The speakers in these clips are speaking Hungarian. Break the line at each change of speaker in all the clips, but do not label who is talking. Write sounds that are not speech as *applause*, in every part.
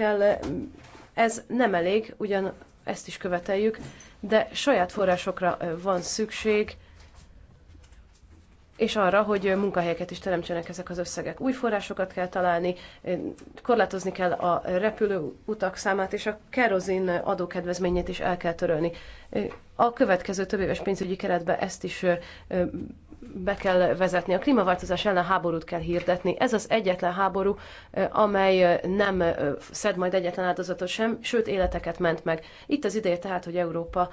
kell. Ez nem elég, ugyan ezt is követeljük, de saját forrásokra van szükség, és arra, hogy munkahelyeket is teremtsenek ezek az összegek. Új forrásokat kell találni, korlátozni kell a repülőutak számát, és a kerozin adókedvezményét is el kell törölni. A következő több éves pénzügyi keretben ezt is be kell vezetni. A klímaváltozás ellen háborút kell hirdetni. Ez az egyetlen háború, amely nem szed majd egyetlen áldozatot sem, sőt életeket ment meg. Itt az ideje tehát, hogy Európa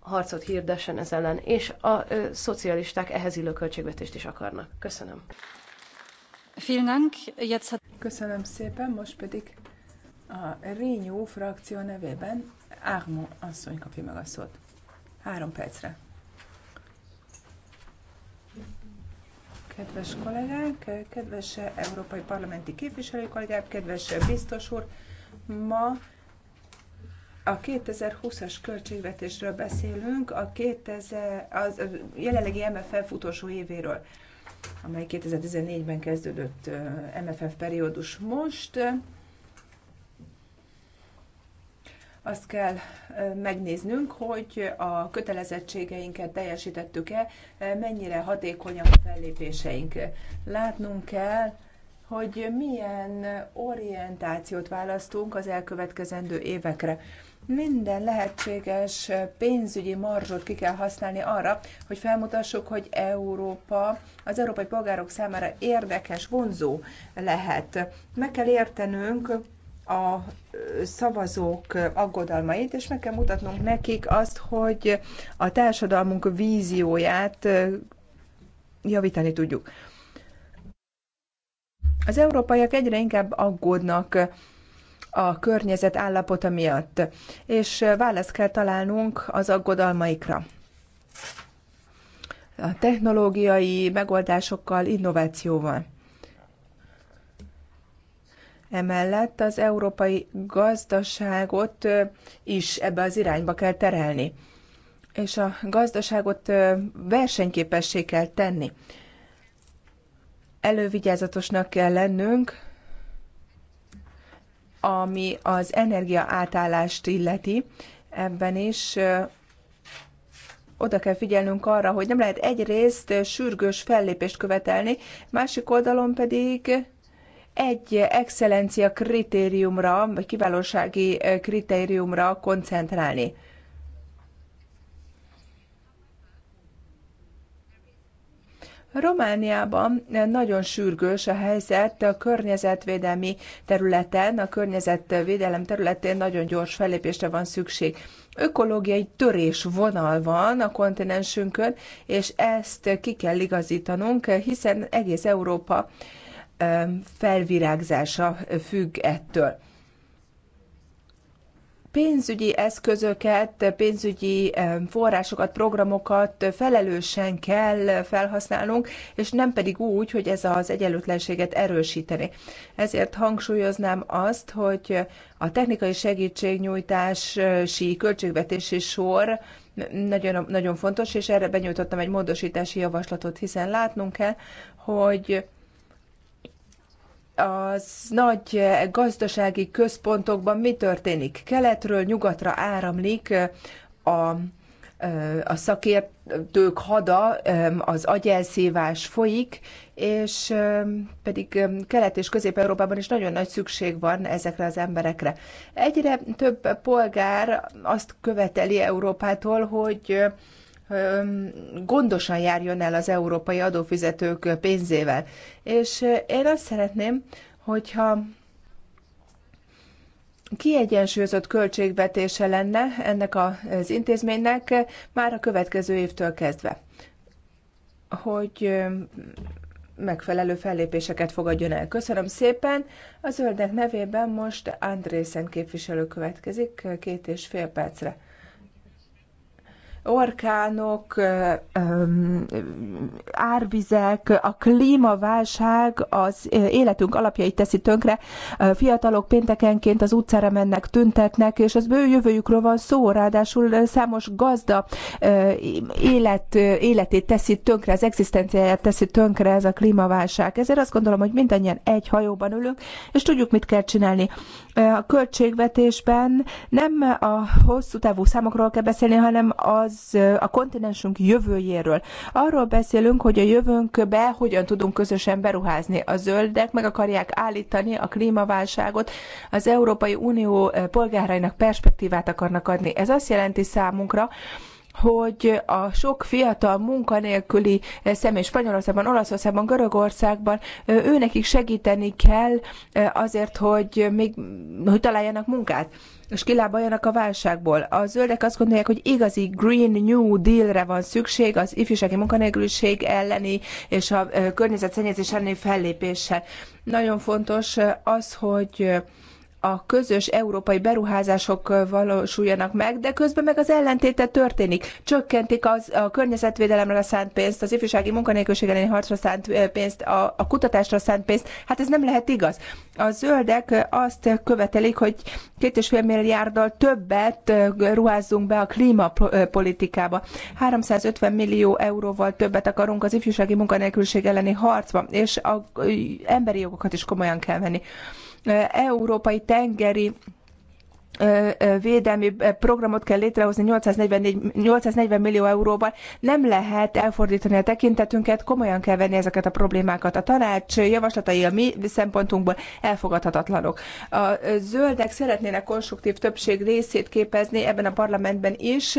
harcot hirdessen ez ellen, és a szocialisták ehhez illő költségvetést is akarnak. Köszönöm. Köszönöm szépen, most pedig a Rényó frakció nevében Ármó asszony kapja meg a szót. Három percre. Kedves kollégák, kedves európai parlamenti képviselő kollégák, kedves biztos úr, ma a 2020-as költségvetésről beszélünk, a 2000, az a jelenlegi MFF utolsó évéről, amely 2014-ben kezdődött MFF periódus. Most azt kell megnéznünk, hogy a kötelezettségeinket teljesítettük-e, mennyire hatékonyak a fellépéseink. Látnunk kell, hogy milyen orientációt választunk az elkövetkezendő évekre. Minden lehetséges pénzügyi marzsot ki kell használni arra, hogy felmutassuk, hogy Európa az európai polgárok számára érdekes, vonzó lehet. Meg kell értenünk, a szavazók aggodalmait, és meg kell mutatnunk nekik azt, hogy a társadalmunk vízióját javítani tudjuk. Az európaiak egyre inkább aggódnak a környezet állapota miatt, és választ kell találnunk az aggodalmaikra. A technológiai megoldásokkal, innovációval. Emellett az európai gazdaságot is ebbe az irányba kell terelni, és a gazdaságot versenyképessé kell tenni. Elővigyázatosnak kell lennünk, ami az energia átállást illeti, ebben is oda kell figyelnünk arra, hogy nem lehet egyrészt sürgős fellépést követelni, másik oldalon pedig egy excellencia kritériumra, vagy kiválósági kritériumra koncentrálni. Romániában nagyon sürgős a helyzet a környezetvédelmi területen, a környezetvédelem területén nagyon gyors fellépésre van szükség. Ökológiai törés vonal van a kontinensünkön, és ezt ki kell igazítanunk, hiszen egész Európa felvirágzása függ ettől pénzügyi eszközöket, pénzügyi forrásokat, programokat felelősen kell felhasználnunk, és nem pedig úgy, hogy ez az egyenlőtlenséget erősíteni. Ezért hangsúlyoznám azt, hogy a technikai segítségnyújtási költségvetési sor nagyon, nagyon fontos, és erre benyújtottam egy módosítási javaslatot, hiszen látnunk kell, hogy az nagy gazdasági központokban mi történik? Keletről nyugatra áramlik a, a szakértők hada, az agyelszívás folyik, és pedig Kelet- és Közép-Európában is nagyon nagy szükség van ezekre az emberekre. Egyre több polgár azt követeli Európától, hogy gondosan járjon el az európai adófizetők pénzével. És én azt szeretném, hogyha kiegyensúlyozott költségvetése lenne ennek az intézménynek már a következő évtől kezdve, hogy megfelelő fellépéseket fogadjon el. Köszönöm szépen. A zöldek nevében most Andrészen képviselő következik két és fél percre orkánok, árvizek, a klímaválság az életünk alapjait teszi tönkre. Fiatalok péntekenként az utcára mennek, tüntetnek, és az ő jövőjükről van szó, ráadásul számos gazda élet, életét teszi tönkre, az egzisztenciáját teszi tönkre ez a klímaválság. Ezért azt gondolom, hogy mindannyian egy hajóban ülünk, és tudjuk, mit kell csinálni. A költségvetésben nem a hosszú távú számokról kell beszélni, hanem az az a kontinensünk jövőjéről. Arról beszélünk, hogy a jövőnkbe hogyan tudunk közösen beruházni. A zöldek meg akarják állítani a klímaválságot, az Európai Unió polgárainak perspektívát akarnak adni. Ez azt jelenti számunkra, hogy a sok fiatal munkanélküli eh, személy Spanyolországban, Olaszországban, Görögországban eh, őnekik segíteni kell eh, azért, hogy még hogy találjanak munkát és kilábaljanak a válságból. A zöldek azt gondolják, hogy igazi Green New Deal-re van szükség az ifjúsági munkanélküliség elleni és a környezetszennyezés elleni fellépéssel. Nagyon fontos az, hogy a közös európai beruházások valósuljanak meg, de közben meg az ellentéte történik. Csökkentik az, a környezetvédelemre szánt pénzt, az ifjúsági munkanélküliség elleni harcra szánt pénzt, a, a kutatásra szánt pénzt. Hát ez nem lehet igaz. A zöldek azt követelik, hogy két és fél milliárddal többet ruházzunk be a klímapolitikába. 350 millió euróval többet akarunk az ifjúsági munkanélküliség elleni harcba, és az emberi jogokat is komolyan kell venni európai tengeri védelmi programot kell létrehozni 844, 840 millió euróval. Nem lehet elfordítani a tekintetünket, komolyan kell venni ezeket a problémákat. A tanács javaslatai a mi szempontunkból elfogadhatatlanok. A zöldek szeretnének konstruktív többség részét képezni ebben a parlamentben is,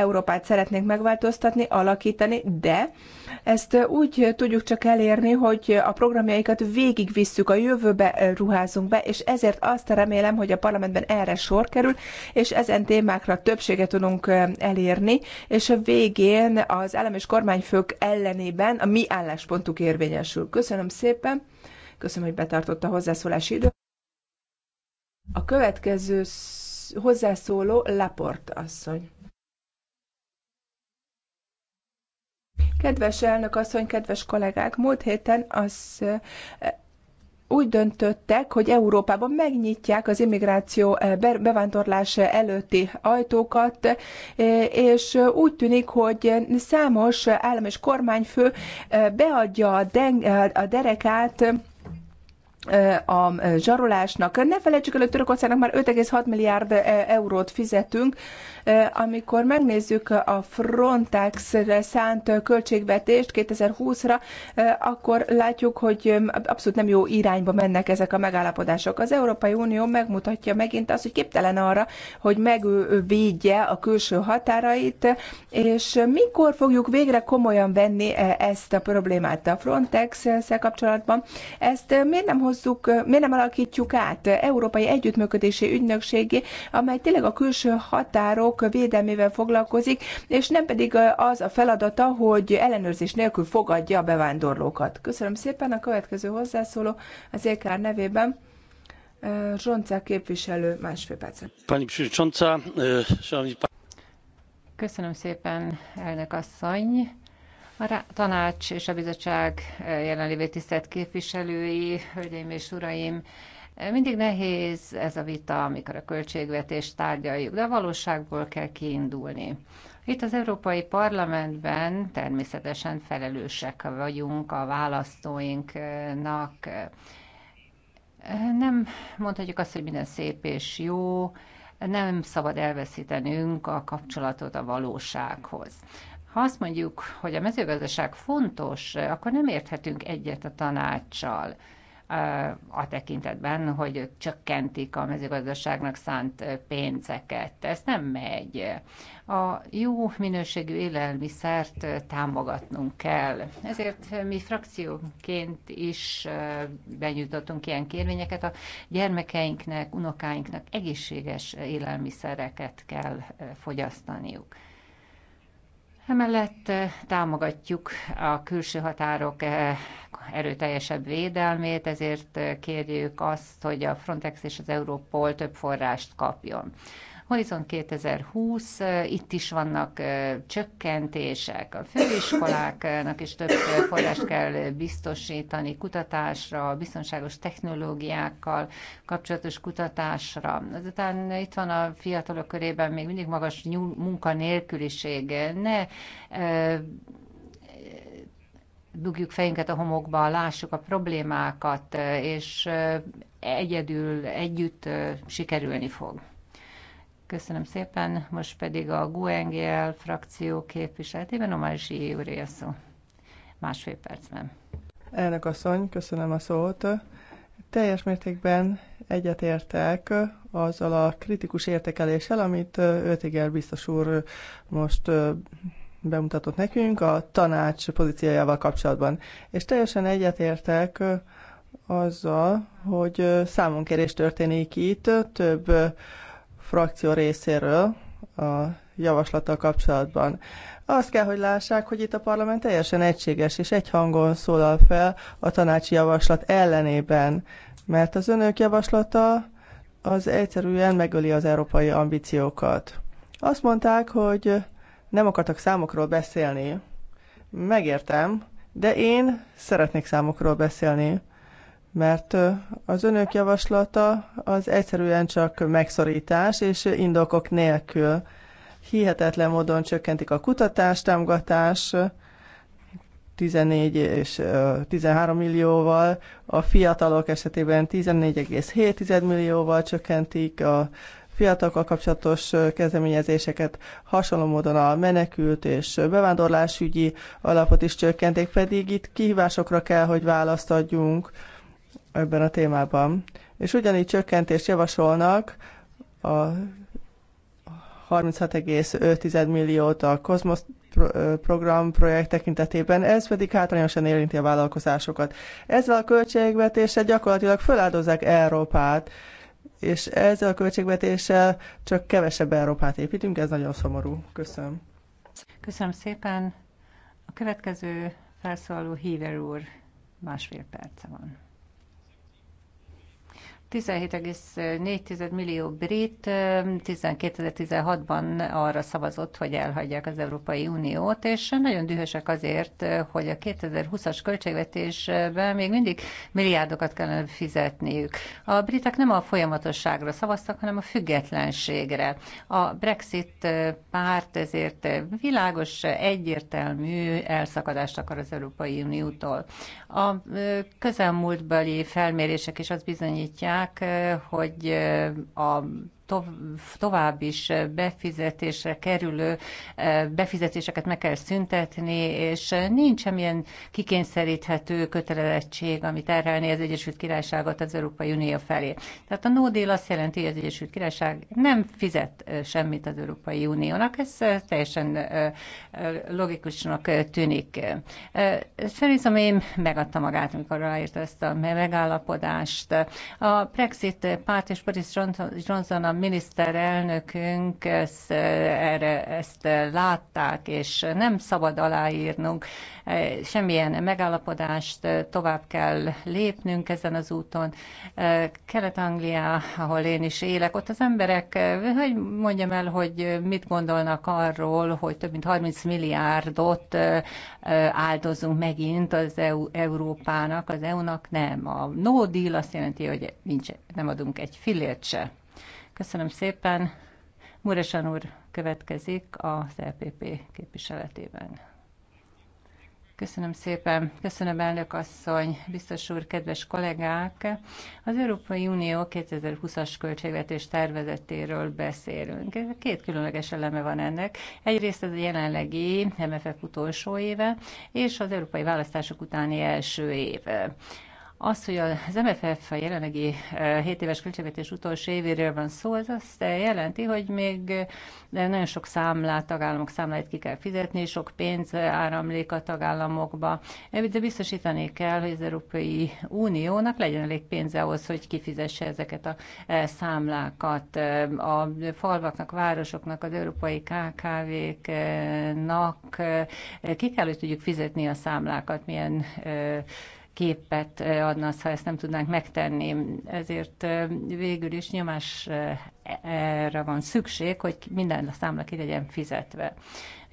Európát szeretnénk megváltoztatni, alakítani, de ezt úgy tudjuk csak elérni, hogy a programjaikat végigvisszük, a jövőbe ruházunk be, és ezért azt remélem, hogy a parlamentben erre sor kerül, és ezen témákra többséget tudunk elérni, és a végén az állam és kormányfők ellenében a mi álláspontuk érvényesül. Köszönöm szépen, köszönöm, hogy betartotta a hozzászólási időt. A következő hozzászóló Laport asszony. Kedves elnök asszony, kedves kollégák, múlt héten az eh, úgy döntöttek, hogy Európában megnyitják az immigráció eh, bevándorlás előtti ajtókat, eh, és úgy tűnik, hogy számos állam és kormányfő beadja a derekát a zsarolásnak. Ne felejtsük el, hogy Törökországnak már 5,6 milliárd eurót fizetünk. Amikor megnézzük a frontex szánt költségvetést 2020-ra, akkor látjuk, hogy abszolút nem jó irányba mennek ezek a megállapodások. Az Európai Unió megmutatja megint azt, hogy képtelen arra, hogy megvédje a külső határait, és mikor fogjuk végre komolyan venni ezt a problémát a Frontex-szel kapcsolatban. Ezt miért nem hozzuk hozzuk, miért nem alakítjuk át Európai Együttműködési Ügynökségé, amely tényleg a külső határok védelmével foglalkozik, és nem pedig az a feladata, hogy ellenőrzés nélkül fogadja a bevándorlókat. Köszönöm szépen a következő hozzászóló az EKR nevében. Zsonca képviselő, másfél percet.
Pani Przewodnicząca, e, Köszönöm szépen, elnök asszony. A tanács és a bizottság eh, jelenlévő tisztelt képviselői, hölgyeim és uraim, eh, mindig nehéz ez a vita, amikor a költségvetést tárgyaljuk, de a valóságból kell kiindulni. Itt az Európai Parlamentben természetesen felelősek vagyunk a választóinknak. Nem mondhatjuk azt, hogy minden szép és jó, nem szabad elveszítenünk a kapcsolatot a valósághoz. Ha azt mondjuk, hogy a mezőgazdaság fontos, akkor nem érthetünk egyet a tanácssal a tekintetben, hogy csökkentik a mezőgazdaságnak szánt pénzeket. Ez nem megy. A jó minőségű élelmiszert támogatnunk kell. Ezért mi frakcióként is benyújtottunk ilyen kérvényeket. A gyermekeinknek, unokáinknak egészséges élelmiszereket kell fogyasztaniuk. Emellett eh, támogatjuk a külső határok eh, erőteljesebb védelmét, ezért eh, kérjük azt, hogy a Frontex és az Európol több forrást kapjon. Horizon 2020, eh, itt is vannak eh, csökkentések, a főiskoláknak is több eh, forrást kell biztosítani kutatásra, biztonságos technológiákkal kapcsolatos kutatásra. Azután itt van a fiatalok körében még mindig magas munkanélküliség. Ne dugjuk fejünket a homokba, lássuk a problémákat, és egyedül, együtt sikerülni fog. Köszönöm szépen, most pedig a GUNGL e frakció képviseletében Omáris Júri a szó. Másfél percben.
Elnök asszony, köszönöm a szót. Teljes mértékben egyetértek azzal a kritikus értékeléssel, amit Ötiger biztos úr most bemutatott nekünk a tanács pozíciójával kapcsolatban. És teljesen egyetértek azzal, hogy számonkérés történik itt, több frakció részéről a javaslattal kapcsolatban. Azt kell, hogy lássák, hogy itt a parlament teljesen egységes és hangon szólal fel a tanácsi javaslat ellenében, mert az önök javaslata az egyszerűen megöli az európai ambíciókat. Azt mondták, hogy nem akartak számokról beszélni. Megértem, de én szeretnék számokról beszélni mert az önök javaslata az egyszerűen csak megszorítás és indokok nélkül hihetetlen módon csökkentik a kutatás, támogatás 14 és 13 millióval, a fiatalok esetében 14,7 millióval csökkentik a fiatalokkal kapcsolatos kezdeményezéseket, hasonló módon a menekült és bevándorlásügyi alapot is csökkenték, pedig itt kihívásokra kell, hogy választ adjunk ebben a témában. És ugyanígy csökkentést javasolnak a 36,5 milliót a Cosmos program projekt tekintetében, ez pedig hátrányosan érinti a vállalkozásokat. Ezzel a költségvetéssel gyakorlatilag feláldozzák Európát, és ezzel a költségvetéssel csak kevesebb Európát építünk, ez nagyon szomorú. Köszönöm.
Köszönöm szépen. A következő felszólaló Híver úr másfél perce van. 17,4 millió brit 2016-ban arra szavazott, hogy elhagyják az Európai Uniót, és nagyon dühösek azért, hogy a 2020-as költségvetésben még mindig milliárdokat kellene fizetniük. A britek nem a folyamatosságra szavaztak, hanem a függetlenségre. A Brexit párt ezért világos, egyértelmű elszakadást akar az Európai Uniótól. A közelmúltbeli felmérések is azt bizonyítják, hogy a tovább is befizetésre kerülő e, befizetéseket meg kell szüntetni, és nincs semmilyen kikényszeríthető kötelezettség, amit terhelni az Egyesült Királyságot az Európai Unió felé. Tehát a no deal azt jelenti, hogy az Egyesült Királyság nem fizet e, semmit az Európai Uniónak, ez e, teljesen logikusnak tűnik. Szerintem én megadta magát, amikor ráért ezt a megállapodást. A Brexit párt és Boris Johnson a miniszterelnökünk ezt, erre, ezt látták, és nem szabad aláírnunk semmilyen megállapodást, tovább kell lépnünk ezen az úton. Kelet-Anglia, ahol én is élek, ott az emberek, hogy mondjam el, hogy mit gondolnak arról, hogy több mint 30 milliárdot áldozunk megint az EU, Európának, az EU-nak nem. A no deal azt jelenti, hogy nincs, nem adunk egy fillért se. Köszönöm szépen. Muresan úr következik az LPP e képviseletében. Köszönöm szépen. Köszönöm, elnök asszony, biztos úr, kedves kollégák. Az Európai Unió 2020-as költségvetés tervezetéről beszélünk. Két különleges eleme van ennek. Egyrészt ez a jelenlegi MFF utolsó éve, és az európai választások utáni első éve. Az, hogy az MFF a jelenlegi 7 eh, éves költségvetés utolsó évéről van szó, ez azt jelenti, hogy még eh, nagyon sok számlát, tagállamok számláit ki kell fizetni, sok pénz eh, áramlik a tagállamokba. De biztosítani kell, hogy az Európai Uniónak legyen elég pénze ahhoz, hogy kifizesse ezeket a számlákat. A falvaknak, városoknak, az európai KKV-knak ki kell, hogy tudjuk fizetni a számlákat, milyen képet adna, ha ezt nem tudnánk megtenni. Ezért végül is nyomás erre van szükség, hogy minden a számla ki legyen fizetve.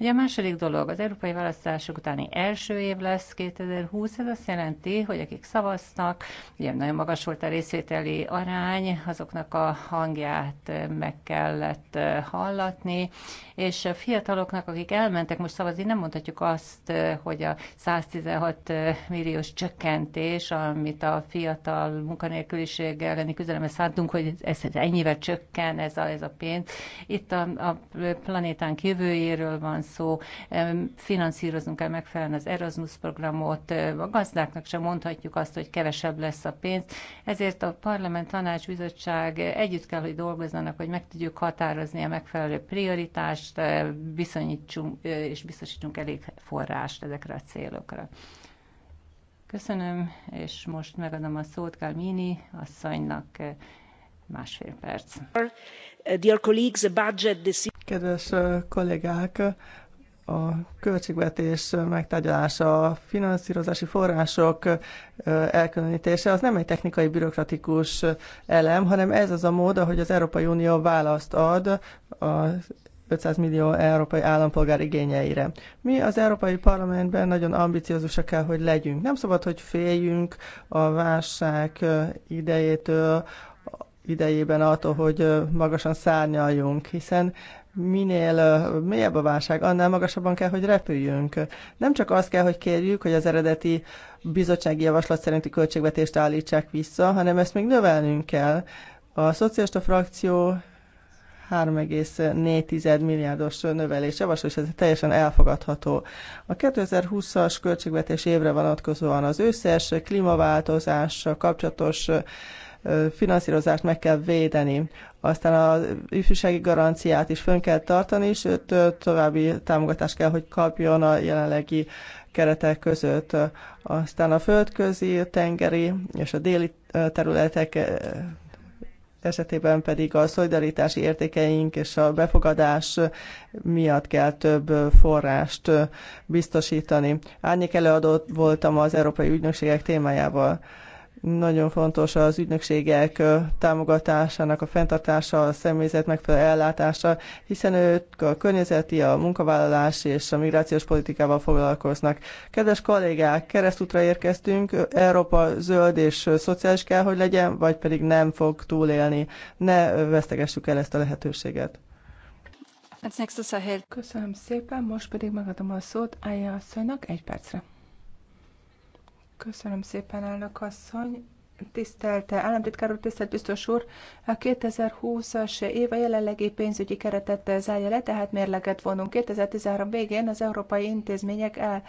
Ugye a második dolog, az európai választások utáni első év lesz 2020, ez azt jelenti, hogy akik szavaznak, ugye nagyon magas volt a részvételi arány, azoknak a hangját meg kellett hallatni, és a fiataloknak, akik elmentek most szavazni, nem mondhatjuk azt, hogy a 116 milliós csökkentés, amit a fiatal munkanélküliség elleni küzdelemre szántunk, hogy ez ennyivel csökkent milyen ez a, ez a pénz. Itt a, a planétán jövőjéről van szó, finanszírozunk el megfelelően az Erasmus programot, a gazdáknak sem mondhatjuk azt, hogy kevesebb lesz a pénz, ezért a Parlament Tanács Bizottság együtt kell, hogy dolgozzanak, hogy meg tudjuk határozni a megfelelő prioritást, bizonyítsunk eh, eh, és biztosítsunk elég forrást ezekre a célokra. Köszönöm, és most megadom a szót Galmini asszonynak. Eh,
Kedves kollégák, a költségvetés megtárgyalása, a finanszírozási források elkülönítése az nem egy technikai, bürokratikus elem, hanem ez az a mód, ahogy az Európai Unió választ ad a 500 millió európai állampolgár igényeire. Mi az Európai Parlamentben nagyon ambiciózusak kell, hogy legyünk. Nem szabad, hogy féljünk a válság idejétől, idejében attól, hogy magasan szárnyaljunk, hiszen minél mélyebb a válság, annál magasabban kell, hogy repüljünk. Nem csak azt kell, hogy kérjük, hogy az eredeti bizottsági javaslat szerinti költségvetést állítsák vissza, hanem ezt még növelnünk kell. A szocialista frakció 3,4 milliárdos növelés javasol, és ez teljesen elfogadható. A 2020-as költségvetés évre vonatkozóan az összes klímaváltozás kapcsolatos finanszírozást meg kell védeni. Aztán az ifjúsági garanciát is fönn kell tartani, és további támogatást kell, hogy kapjon a jelenlegi keretek között. Aztán a földközi, tengeri és a déli területek esetében pedig a szolidaritási értékeink és a befogadás miatt kell több forrást biztosítani. Árnyék előadó voltam az Európai Ügynökségek témájával. Nagyon fontos az ügynökségek támogatásának a fenntartása, a személyzet megfelelő ellátása, hiszen ők a környezeti, a munkavállalás és a migrációs politikával foglalkoznak. Kedves kollégák, keresztútra érkeztünk, Európa zöld és szociális kell, hogy legyen, vagy pedig nem fog túlélni. Ne vesztegessük el ezt a lehetőséget.
Köszönöm szépen, most pedig megadom a szót Aya asszonynak egy percre. Köszönöm szépen, elnök asszony. Tisztelt államtitkár úr, tisztelt biztos úr, a 2020-as év a jelenlegi pénzügyi keretet zárja le, tehát mérleget vonunk. 2013 végén az európai intézmények el,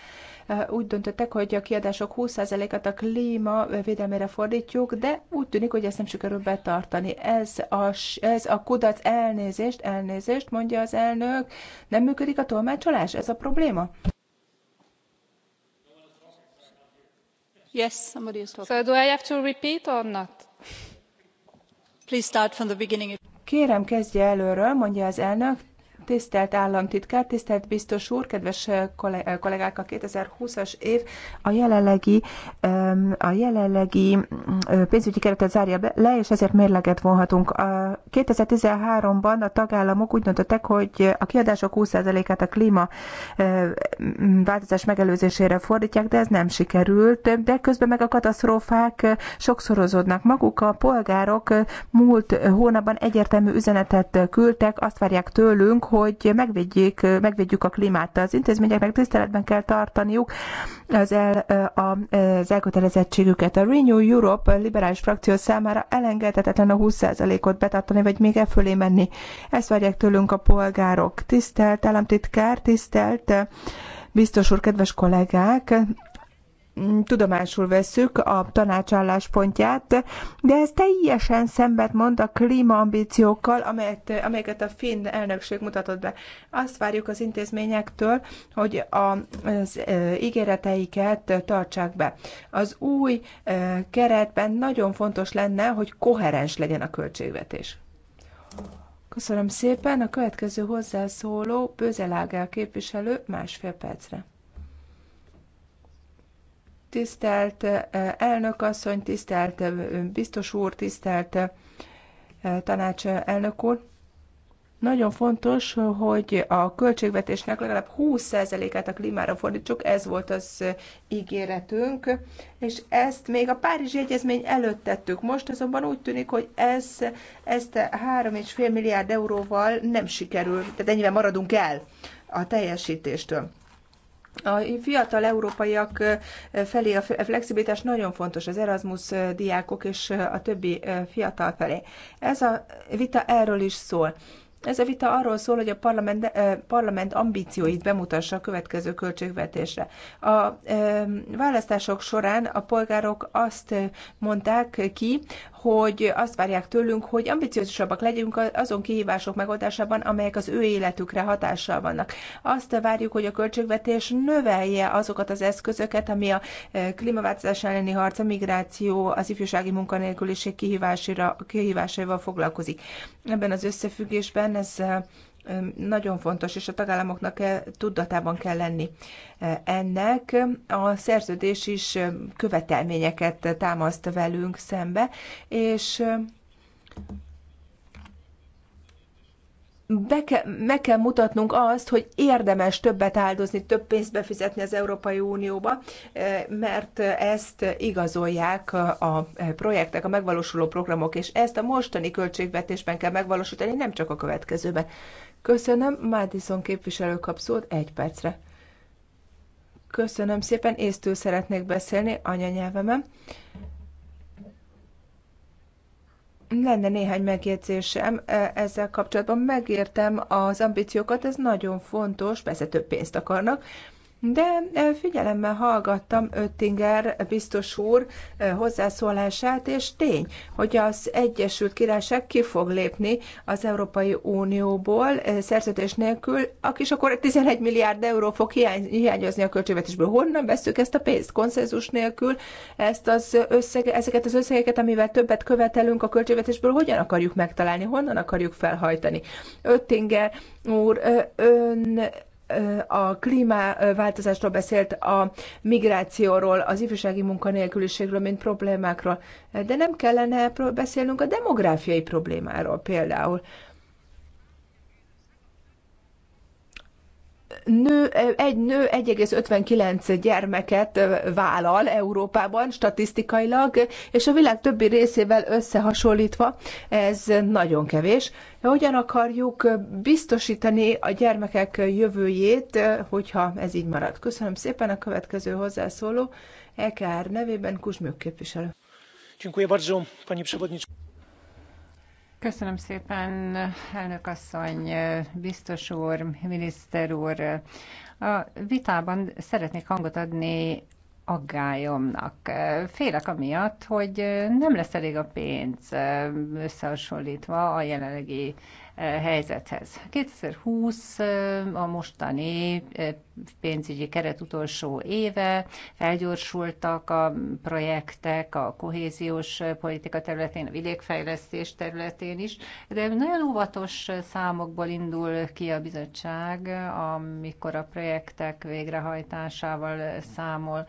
e, úgy döntöttek, hogy a kiadások 20 at a klíma védelmére fordítjuk, de úgy tűnik, hogy ezt nem sikerül betartani. Ez a, ez a kudac elnézést, elnézést, mondja az elnök. Nem működik a tolmácsolás? Ez a probléma?
Yes, somebody is talking. So do I have to repeat or not? Please start from the beginning.
Kérem, kezdje előről, mondja az elnök, tisztelt államtitkár, tisztelt biztos úr, kedves eh, eh, kollégák, a 2020-as év a jelenlegi, a jelenlegi mm, pénzügyi keretet zárja be, le, és ezért mérleget vonhatunk. A 2013-ban a tagállamok úgy döntöttek, hogy a kiadások 20%-át a klíma változás megelőzésére fordítják, de ez nem sikerült, de közben meg a katasztrófák sokszorozódnak. Maguk a polgárok múlt hónapban egyértelmű üzenetet küldtek, azt várják tőlünk, hogy hogy megvédjék, megvédjük a klímát. Az intézményeknek tiszteletben kell tartaniuk az, el, a, az elkötelezettségüket. A Renew Europe liberális frakció számára elengedhetetlen a 20%-ot betartani, vagy még e fölé menni. Ezt várják tőlünk a polgárok. Tisztelt államtitkár, tisztelt biztos úr, kedves kollégák, Mm, tudomásul veszük a tanács álláspontját, de ez teljesen szembet mond a klímaambíciókkal, amelyet, amelyeket a finn elnökség mutatott be. Azt várjuk az intézményektől, hogy az e, ígéreteiket tartsák be. Az új e, keretben nagyon fontos lenne, hogy koherens legyen a költségvetés. Köszönöm szépen. A következő hozzászóló Bőzelágel képviselő másfél percre. Tisztelt eh, elnök asszony, tisztelt eh, biztos úr, tisztelt eh, tanács elnök úr. Nagyon fontos, hogy a költségvetésnek legalább 20%-át a klímára fordítsuk, ez volt az ígéretünk, és ezt még a Párizsi Egyezmény előtt tettük. Most azonban úgy tűnik, hogy ez, ezt 3,5 milliárd euróval nem sikerül, tehát ennyivel maradunk el a teljesítéstől. A fiatal európaiak felé a flexibilitás nagyon fontos az Erasmus diákok és a többi fiatal felé. Ez a vita erről is szól. Ez a vita arról szól, hogy a parlament, parlament ambícióit bemutassa a következő költségvetésre. A választások során a polgárok azt mondták ki, hogy azt várják tőlünk, hogy ambiciózusabbak legyünk azon kihívások megoldásában, amelyek az ő életükre hatással vannak. Azt várjuk, hogy a költségvetés növelje azokat az eszközöket, ami a e, klímaváltozás elleni harc, a migráció, az ifjúsági munkanélküliség kihívásaival foglalkozik. Ebben az összefüggésben ez e, nagyon fontos, és a tagállamoknak kell, tudatában kell lenni ennek. A szerződés is követelményeket támaszt velünk szembe, és be ke, meg kell mutatnunk azt, hogy érdemes többet áldozni, több pénzt befizetni az Európai Unióba, mert ezt igazolják a projektek, a megvalósuló programok, és ezt a mostani költségvetésben kell megvalósítani, nem csak a következőben. Köszönöm, Mádison képviselő kap szót egy percre. Köszönöm szépen, észtől szeretnék beszélni anyanyelvemen. Lenne néhány megjegyzésem e, ezzel kapcsolatban. Megértem az ambíciókat, ez nagyon fontos, persze több pénzt akarnak, de eh, figyelemmel hallgattam Öttinger biztos úr eh, hozzászólását, és tény, hogy az Egyesült Királyság ki fog lépni az Európai Unióból eh, szerződés nélkül, és akkor 11 milliárd euró fog hiányozni a költségvetésből. Honnan veszük ezt a pénzt? Konszenzus nélkül ezt az összege, ezeket az összegeket, amivel többet követelünk a költségvetésből, hogyan akarjuk megtalálni, honnan akarjuk felhajtani? Öttinger úr, ön a klímaváltozásról beszélt, a migrációról, az ifjúsági munkanélküliségről, mint problémákról, de nem kellene beszélnünk a demográfiai problémáról például, nő, egy nő 1,59 gyermeket vállal Európában statisztikailag, és a világ többi részével összehasonlítva ez nagyon kevés. Hogyan akarjuk biztosítani a gyermekek jövőjét, hogyha ez így marad? Köszönöm szépen a következő hozzászóló, EKR nevében Kuzsmők
képviselő. Dziękuję bardzo, pani przewodniczący.
Köszönöm szépen,
elnök asszony, biztos úr, miniszter úr. A vitában szeretnék hangot adni aggályomnak. Félek amiatt, hogy nem lesz elég a pénz összehasonlítva a jelenlegi Eh, helyzethez. 2020 eh, a mostani eh, pénzügyi keret utolsó éve, felgyorsultak a projektek a kohéziós politika területén, a vidékfejlesztés területén is, de nagyon óvatos számokból indul ki a bizottság, amikor a projektek végrehajtásával számol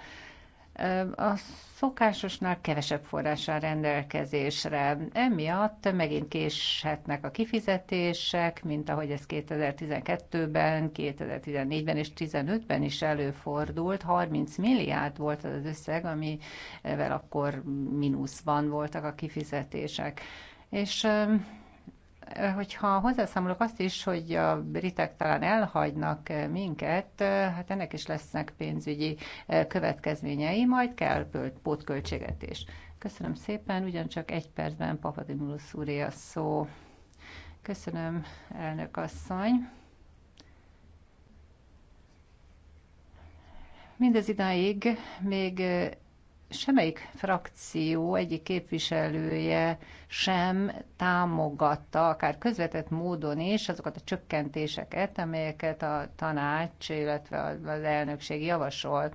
a szokásosnál kevesebb forrással rendelkezésre. Emiatt megint késhetnek a kifizetések, mint ahogy ez 2012-ben, 2014-ben és 2015-ben is előfordult. 30 milliárd volt az, összeg, amivel akkor mínuszban voltak a kifizetések. És hogyha hozzászámolok azt is, hogy a britek talán elhagynak eh, minket, eh, hát ennek is lesznek pénzügyi eh, következményei, majd kell pótköltségetés. Köszönöm szépen, ugyancsak egy percben Papadimulus úré a szó. Köszönöm, elnök asszony. Mindez idáig még semmelyik frakció egyik képviselője sem támogatta, akár közvetett módon is azokat a csökkentéseket, amelyeket a tanács, illetve az elnökség javasol.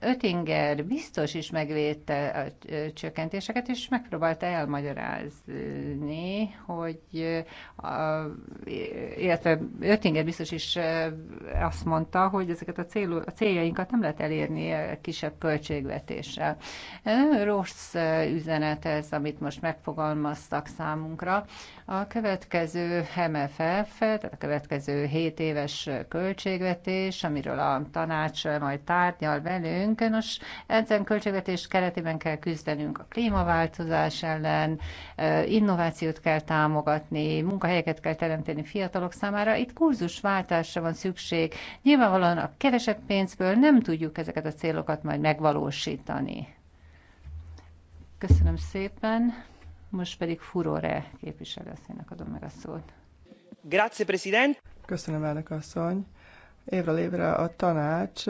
Ötinger biztos is megvédte a csökkentéseket, és megpróbálta elmagyarázni, hogy illetve Ötinger biztos is azt mondta, hogy ezeket a, cél, a céljainkat nem lehet elérni kisebb költségvetéssel. Rossz üzenet ez, amit most megfogalmazott fogalmaztak számunkra. A következő MFF, tehát a következő 7 éves költségvetés, amiről a tanács majd tárgyal velünk, nos, ezen költségvetés keretében kell küzdenünk a klímaváltozás ellen, innovációt kell támogatni, munkahelyeket kell teremteni fiatalok számára. Itt kurzusváltásra van szükség. Nyilvánvalóan a kevesebb pénzből nem tudjuk ezeket a célokat majd megvalósítani. Köszönöm szépen. Most pedig Furore képviselőasszonynak adom meg a
szót.
Grazie, President!
Köszönöm, elnök asszony! Évről évre a tanács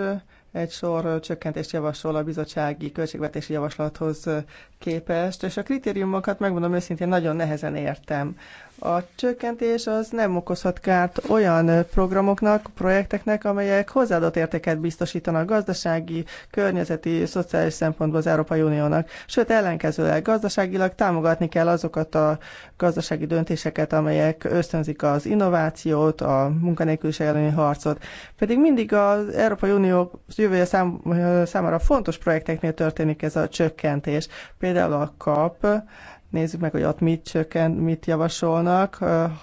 egy sor csökkentést javasol a bizottsági költségvetési javaslathoz képest, és a kritériumokat megmondom őszintén, nagyon nehezen értem. A csökkentés az nem okozhat kárt olyan programoknak, projekteknek, amelyek hozzáadott értéket biztosítanak gazdasági, környezeti, szociális szempontból az Európai Uniónak. Sőt, ellenkezőleg gazdaságilag támogatni kell azokat a gazdasági döntéseket, amelyek ösztönzik az innovációt, a munkanélküliség elleni harcot. Pedig mindig az Európai Unió jövője szám, számára fontos projekteknél történik ez a csökkentés. Például Például a kap, nézzük meg, hogy ott mit, csökkent, mit javasolnak,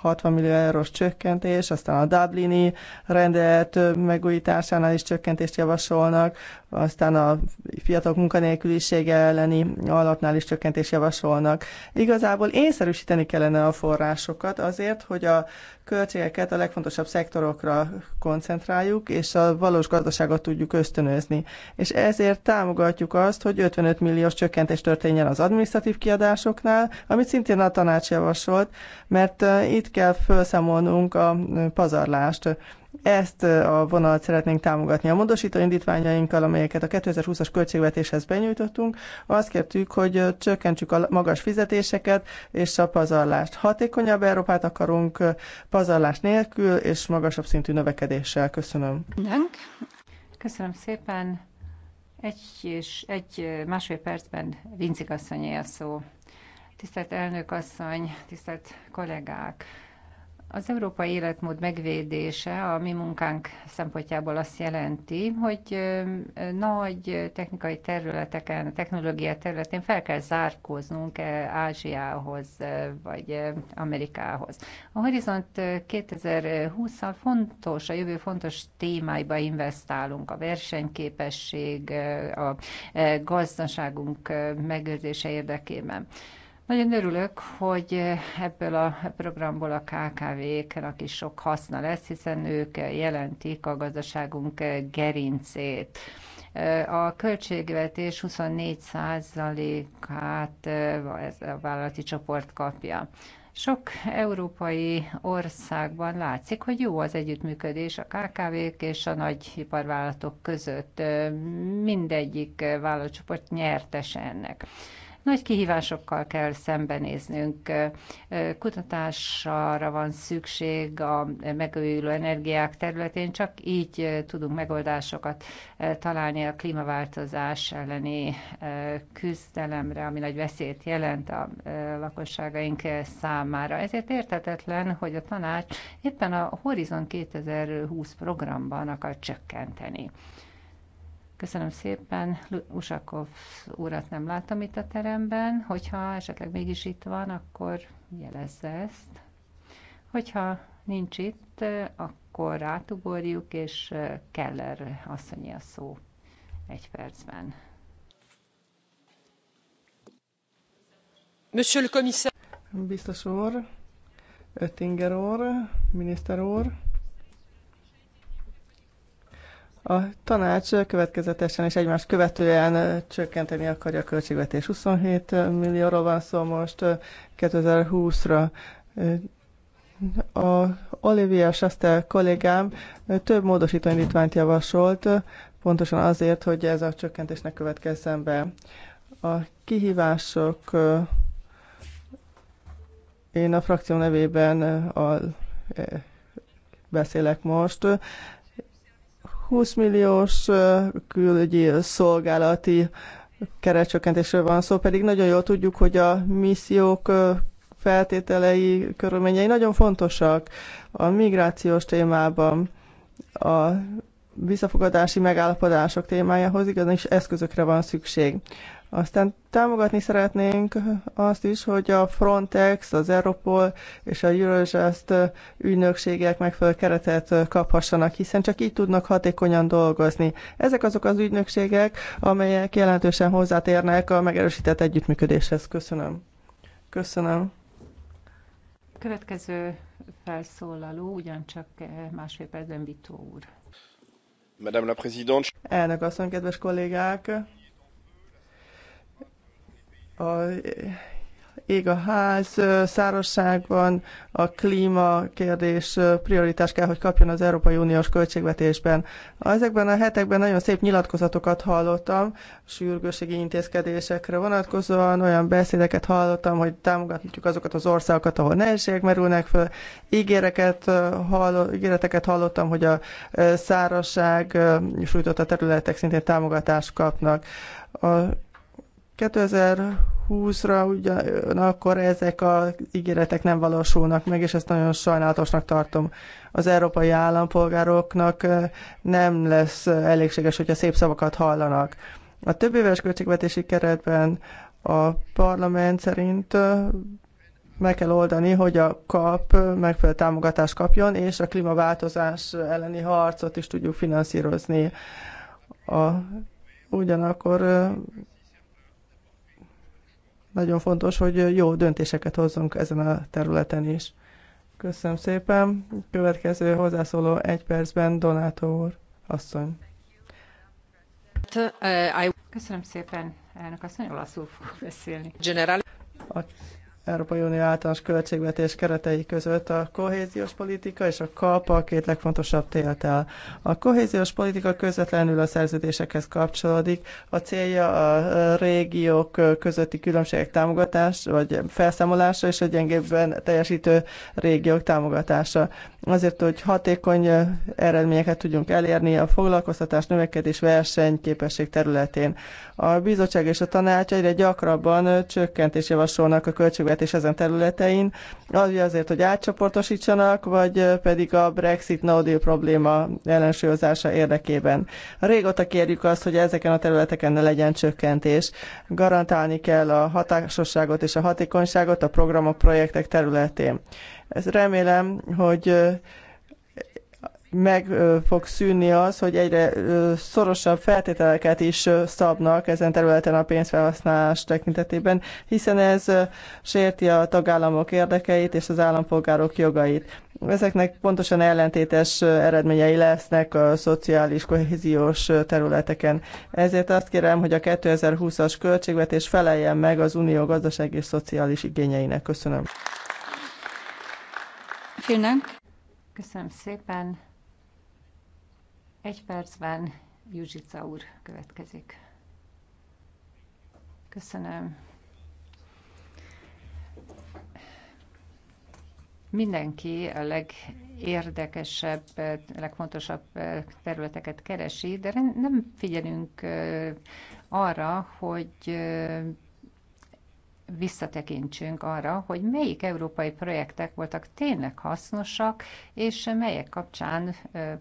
60 millió eurós csökkentés, aztán a Dublini rendelet megújításánál is csökkentést javasolnak, aztán a fiatalok munkanélkülisége elleni alapnál is csökkentést javasolnak. Igazából észszerűsíteni kellene a forrásokat azért, hogy a költségeket a legfontosabb szektorokra koncentráljuk, és a valós gazdaságot tudjuk ösztönözni. És ezért támogatjuk azt, hogy 55 milliós csökkentés történjen az administratív kiadásoknál, amit szintén a tanács javasolt, mert itt kell felszámolnunk a pazarlást. Ezt a vonalat szeretnénk támogatni a módosító indítványainkkal, amelyeket a 2020-as költségvetéshez benyújtottunk. Azt kértük, hogy csökkentsük a magas fizetéseket és a pazarlást. Hatékonyabb Európát akarunk pazarlás nélkül és magasabb szintű növekedéssel. Köszönöm.
Köszönöm szépen. Egy és egy másfél percben Vincik asszonyé a szó. Tisztelt elnök asszony, tisztelt kollégák! Az európai életmód megvédése a mi munkánk szempontjából azt jelenti, hogy nagy technikai területeken, technológia területén fel kell zárkóznunk e, Ázsiához e, vagy e, Amerikához. A Horizont 2020-al fontos, a jövő fontos témáiba investálunk, a versenyképesség, a gazdaságunk megőrzése érdekében. Nagyon örülök, hogy ebből a programból a KKV-knak is sok haszna lesz, hiszen ők jelentik a gazdaságunk gerincét. A költségvetés 24%-át ez a vállalati csoport kapja. Sok európai országban látszik, hogy jó az együttműködés a KKV-k és a nagy iparvállalatok között. Mindegyik vállalatcsoport nyertes ennek. Nagy kihívásokkal kell szembenéznünk. Kutatásra van szükség a megújuló energiák területén, csak így tudunk megoldásokat találni a klímaváltozás elleni küzdelemre, ami nagy veszélyt jelent a lakosságaink számára. Ezért értetetlen, hogy a tanács éppen a Horizon 2020 programban akar csökkenteni. Köszönöm szépen. Usakov urat nem látom itt a teremben. Hogyha esetleg mégis itt van, akkor jelezze ezt. Hogyha nincs itt, akkor rátugorjuk, és Keller asszonyi a szó egy percben.
Monsieur le commissaire. Biztos úr, Oettinger úr, miniszter úr, a tanács következetesen és egymást követően csökkenteni akarja a költségvetés 27 millióról van szó most 2020-ra. A Olivia Sester kollégám több módosító indítványt javasolt, pontosan azért, hogy ez a csökkentésnek következzen be. A kihívások én a frakció nevében a, beszélek most. 20 milliós külügyi szolgálati keretcsökkentésről van szó, pedig nagyon jól tudjuk, hogy a missziók feltételei, körülményei nagyon fontosak a migrációs témában, a visszafogadási megállapodások témájához igazán is eszközökre van szükség. Aztán támogatni szeretnénk azt is, hogy a Frontex, az Europol és a Eurojust ügynökségek megfelelő keretet kaphassanak, hiszen csak így tudnak hatékonyan dolgozni. Ezek azok az ügynökségek, amelyek jelentősen hozzátérnek a megerősített együttműködéshez. Köszönöm. Köszönöm.
Következő felszólaló ugyancsak eh, másfél percben Vitó úr. Madame la Présidente.
Elnök asszony, kedves kollégák! a ég a ház, szárasság van, a klíma kérdés prioritás kell, hogy kapjon az Európai Uniós költségvetésben. Ezekben a hetekben nagyon szép nyilatkozatokat hallottam, sürgőségi intézkedésekre vonatkozóan olyan beszédeket hallottam, hogy támogatjuk azokat az országokat, ahol nehézségek merülnek föl. Ígéreket, hall, ígéreteket hallottam, hogy a szárasság sújtott a területek szintén támogatást kapnak. A 2020-ra akkor ezek az ígéretek nem valósulnak meg, és ezt nagyon sajnálatosnak tartom. Az európai állampolgároknak nem lesz elégséges, hogyha szép szavakat hallanak. A több éves költségvetési keretben a parlament szerint meg kell oldani, hogy a kap megfelelő támogatást kapjon, és a klímaváltozás elleni harcot is tudjuk finanszírozni. A, ugyanakkor nagyon fontos, hogy jó döntéseket hozzunk ezen a területen is. Köszönöm szépen. Következő hozzászóló egy percben Donátó úr, asszony.
Köszönöm szépen, elnök asszony, olaszul fog beszélni. General.
Európai Unió általános költségvetés keretei között a kohéziós politika és a KAP a két legfontosabb téltel. A kohéziós politika közvetlenül a szerződésekhez kapcsolódik. A célja a régiók közötti különbségek támogatás, vagy felszámolása és a gyengébben teljesítő régiók támogatása azért, hogy hatékony eredményeket tudjunk elérni a foglalkoztatás, növekedés, versenyképesség területén. A bizottság és a tanács egyre gyakrabban csökkentés javasolnak a költségvetés ezen területein, azért, hogy átcsoportosítsanak, vagy pedig a Brexit no deal probléma ellensúlyozása érdekében. Régóta kérjük azt, hogy ezeken a területeken ne legyen csökkentés. Garantálni kell a hatásosságot és a hatékonyságot a programok, projektek területén. Ez remélem, hogy meg fog szűnni az, hogy egyre szorosabb feltételeket is szabnak ezen területen a pénzfelhasználás tekintetében, hiszen ez sérti a tagállamok érdekeit és az állampolgárok jogait. Ezeknek pontosan ellentétes eredményei lesznek a szociális kohéziós területeken. Ezért azt kérem, hogy a 2020-as költségvetés feleljen meg az unió gazdasági és szociális igényeinek. Köszönöm.
Vielen Köszönöm szépen. Egy percben Juzsica úr következik. Köszönöm. Mindenki a legérdekesebb, legfontosabb területeket keresi, de nem figyelünk arra, hogy visszatekintsünk arra, hogy melyik európai projektek voltak tényleg hasznosak, és melyek kapcsán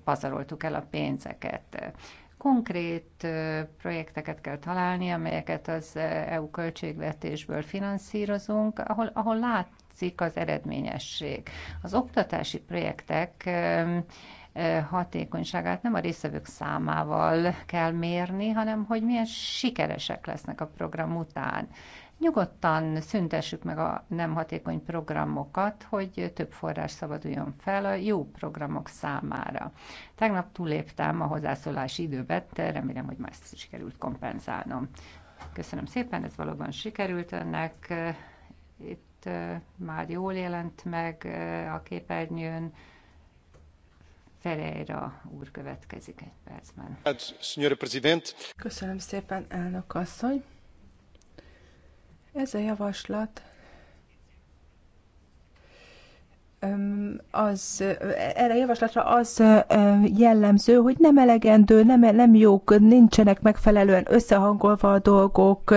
pazaroltuk el a pénzeket. Konkrét projekteket kell találni, amelyeket az EU költségvetésből finanszírozunk, ahol, ahol látszik az eredményesség. Az oktatási projektek hatékonyságát nem a részvevők számával kell mérni, hanem hogy milyen sikeresek lesznek a program után. Nyugodtan szüntessük meg a nem hatékony programokat, hogy több forrás szabaduljon fel a jó programok számára. Tegnap túléptem a hozzászólási időbet, remélem, hogy már ezt sikerült kompenzálnom. Köszönöm szépen, ez valóban sikerült önnek. Itt már jól jelent meg a képernyőn. Ferreira úr következik egy percben.
Köszönöm szépen, elnök asszony. Ez a javaslat az, erre a javaslatra az jellemző, hogy nem elegendő, nem, nem jók, nincsenek megfelelően összehangolva a dolgok,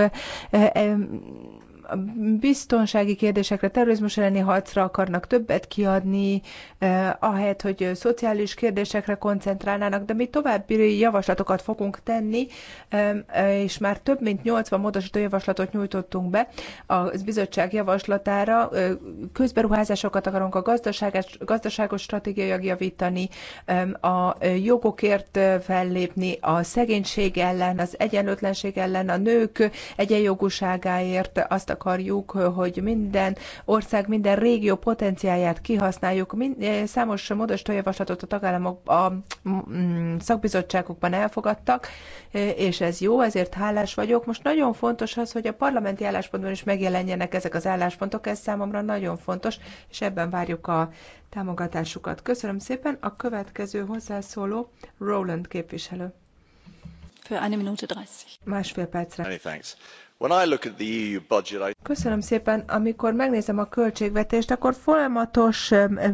biztonsági kérdésekre, terrorizmus elleni harcra akarnak többet kiadni, eh, ahelyett, hogy szociális kérdésekre koncentrálnának, de mi további javaslatokat fogunk tenni, eh, és már több mint 80 módosító javaslatot nyújtottunk be a bizottság javaslatára. Eh, közberuházásokat akarunk a gazdaságos, gazdaságos stratégiai javítani, a jogokért fellépni, a szegénység ellen, az egyenlőtlenség ellen, a nők egyenjogúságáért azt akarjuk, hogy minden ország, minden régió potenciáját kihasználjuk. Mind, eh, számos módosító javaslatot a tagállamok a mm, szakbizottságokban elfogadtak, eh, és ez jó, ezért hálás vagyok. Most nagyon fontos az, hogy a parlamenti álláspontban is megjelenjenek ezek az álláspontok, ez számomra nagyon fontos, és ebben várjuk a támogatásukat. Köszönöm szépen. A következő hozzászóló Roland képviselő. Für eine Minute 30. Másfél percre. Many thanks.
E
Köszönöm szépen. Amikor megnézem a költségvetést, akkor folyamatos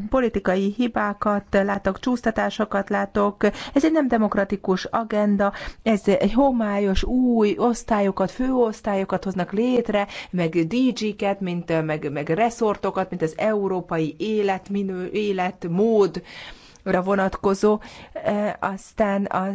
politikai hibákat látok, csúsztatásokat látok. Ez egy nem demokratikus agenda, ez egy homályos új osztályokat, főosztályokat hoznak létre, meg DG-ket, mint, meg, meg reszortokat, mint az európai életminő, életmód vonatkozó, e, aztán a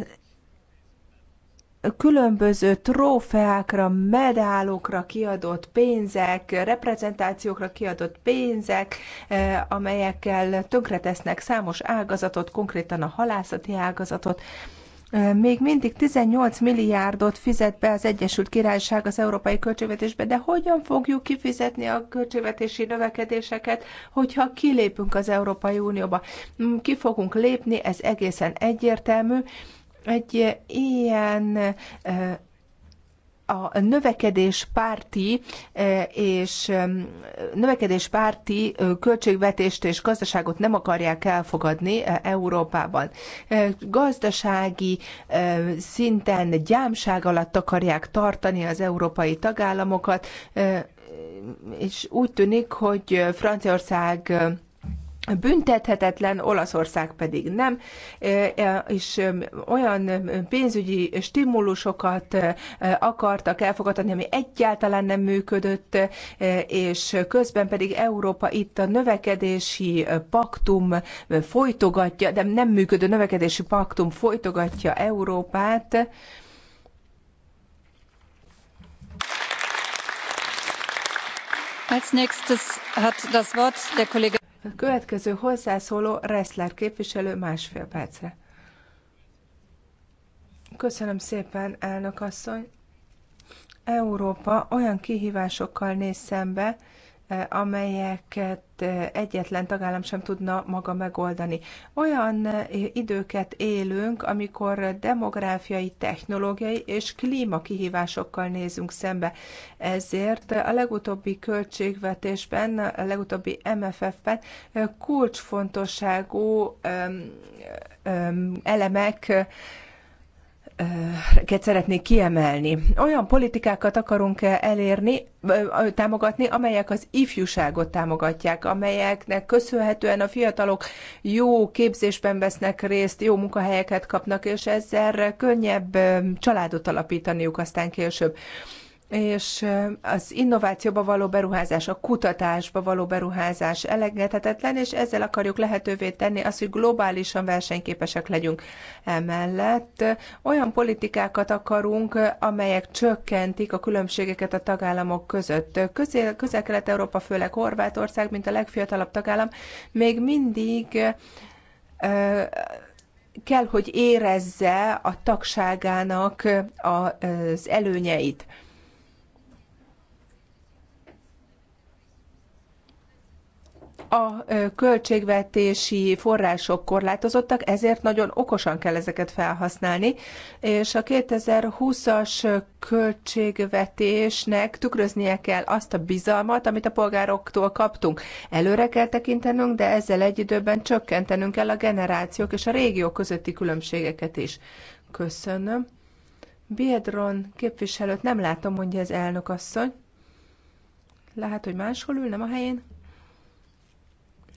különböző trófeákra, medálokra kiadott pénzek, reprezentációkra kiadott pénzek, eh, amelyekkel tönkretesznek számos ágazatot, konkrétan a halászati ágazatot. Eh, még mindig 18 milliárdot fizet be az Egyesült Királyság az európai költségvetésbe, de hogyan fogjuk kifizetni a költségvetési növekedéseket, hogyha kilépünk az Európai Unióba? Mm, ki fogunk lépni, ez egészen egyértelmű, egy ilyen a növekedés párti és növekedés párti költségvetést és gazdaságot nem akarják elfogadni Európában. Gazdasági szinten gyámság alatt akarják tartani az európai tagállamokat, és úgy tűnik, hogy Franciaország büntethetetlen, Olaszország pedig nem, és olyan pénzügyi stimulusokat akartak elfogadni, ami egyáltalán nem működött, és közben pedig Európa itt a növekedési paktum folytogatja, de nem működő növekedési paktum folytogatja Európát, Als nächstes hat das Wort der Kollege a következő hozzászóló Reszler képviselő másfél percre. Köszönöm szépen, elnök asszony. Európa olyan kihívásokkal néz szembe, amelyeket egyetlen tagállam sem tudna maga megoldani. Olyan időket élünk, amikor demográfiai, technológiai és klímakihívásokkal nézünk szembe. Ezért a legutóbbi költségvetésben, a legutóbbi MFF-ben kulcsfontosságú elemek szeretnék kiemelni. Olyan politikákat akarunk elérni, támogatni, amelyek az ifjúságot támogatják, amelyeknek köszönhetően a fiatalok jó képzésben vesznek részt, jó munkahelyeket kapnak, és ezzel könnyebb családot alapítaniuk aztán később és az innovációba való beruházás, a kutatásba való beruházás elengedhetetlen, és ezzel akarjuk lehetővé tenni azt, hogy globálisan versenyképesek legyünk. Emellett olyan politikákat akarunk, amelyek csökkentik a különbségeket a tagállamok között. Közel-Kelet-Európa, főleg Horvátország, mint a legfiatalabb tagállam, még mindig kell, hogy érezze a tagságának az előnyeit. a költségvetési források korlátozottak, ezért nagyon okosan kell ezeket felhasználni, és a 2020-as költségvetésnek tükröznie kell azt a bizalmat, amit a polgároktól kaptunk. Előre kell tekintenünk, de ezzel egy időben csökkentenünk kell a generációk és a régió közötti különbségeket is. Köszönöm. Biedron képviselőt nem látom, mondja az elnök asszony. Lehet, hogy máshol ül, nem a helyén?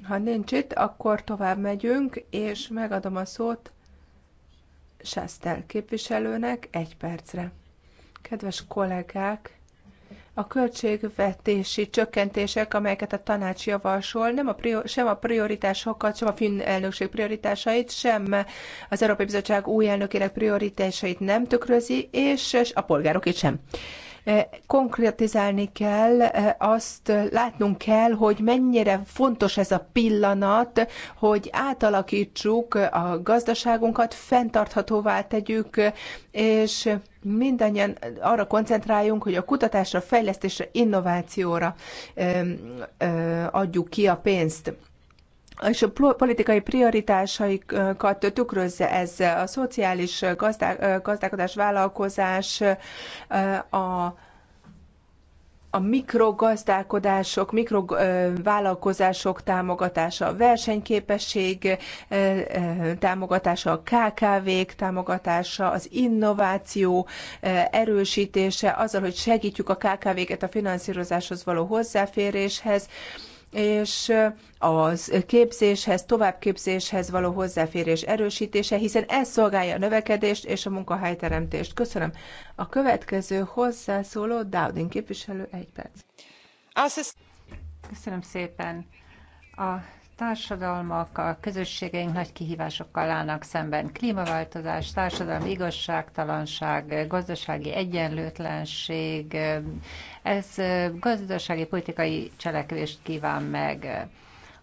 Ha nincs itt, akkor tovább megyünk, és megadom a szót Sestel képviselőnek egy percre. Kedves kollégák, a költségvetési csökkentések, amelyeket a tanács javasol, nem a prior, sem a prioritásokat, sem a finn elnökség prioritásait, sem az Európai Bizottság új elnökének prioritásait nem tükrözi, és, és a polgárokét sem. Eh, konkretizálni kell, eh, azt eh, látnunk kell, hogy mennyire fontos ez a pillanat, hogy átalakítsuk a gazdaságunkat, fenntarthatóvá tegyük, és mindannyian arra koncentráljunk, hogy a kutatásra, fejlesztésre, innovációra adjuk ki a pénzt és a politikai prioritásaikat tükrözze ez a szociális eh, eh, gazdálkodás, vállalkozás, eh, a a mikrogazdálkodások, mikrovállalkozások támogatása, a versenyképesség támogatása, a KKV-k támogatása, az innováció erősítése, azzal, hogy segítjük a KKV-ket a finanszírozáshoz való hozzáféréshez, és az képzéshez, továbbképzéshez való hozzáférés erősítése, hiszen ez szolgálja a növekedést és a munkahelyteremtést. Köszönöm. A következő hozzászóló Dowding képviselő, egy perc. Köszönöm szépen. A társadalmak,
a közösségeink nagy kihívásokkal állnak szemben. Klímaváltozás, társadalmi igazságtalanság, gazdasági egyenlőtlenség, ez gazdasági politikai cselekvést kíván meg.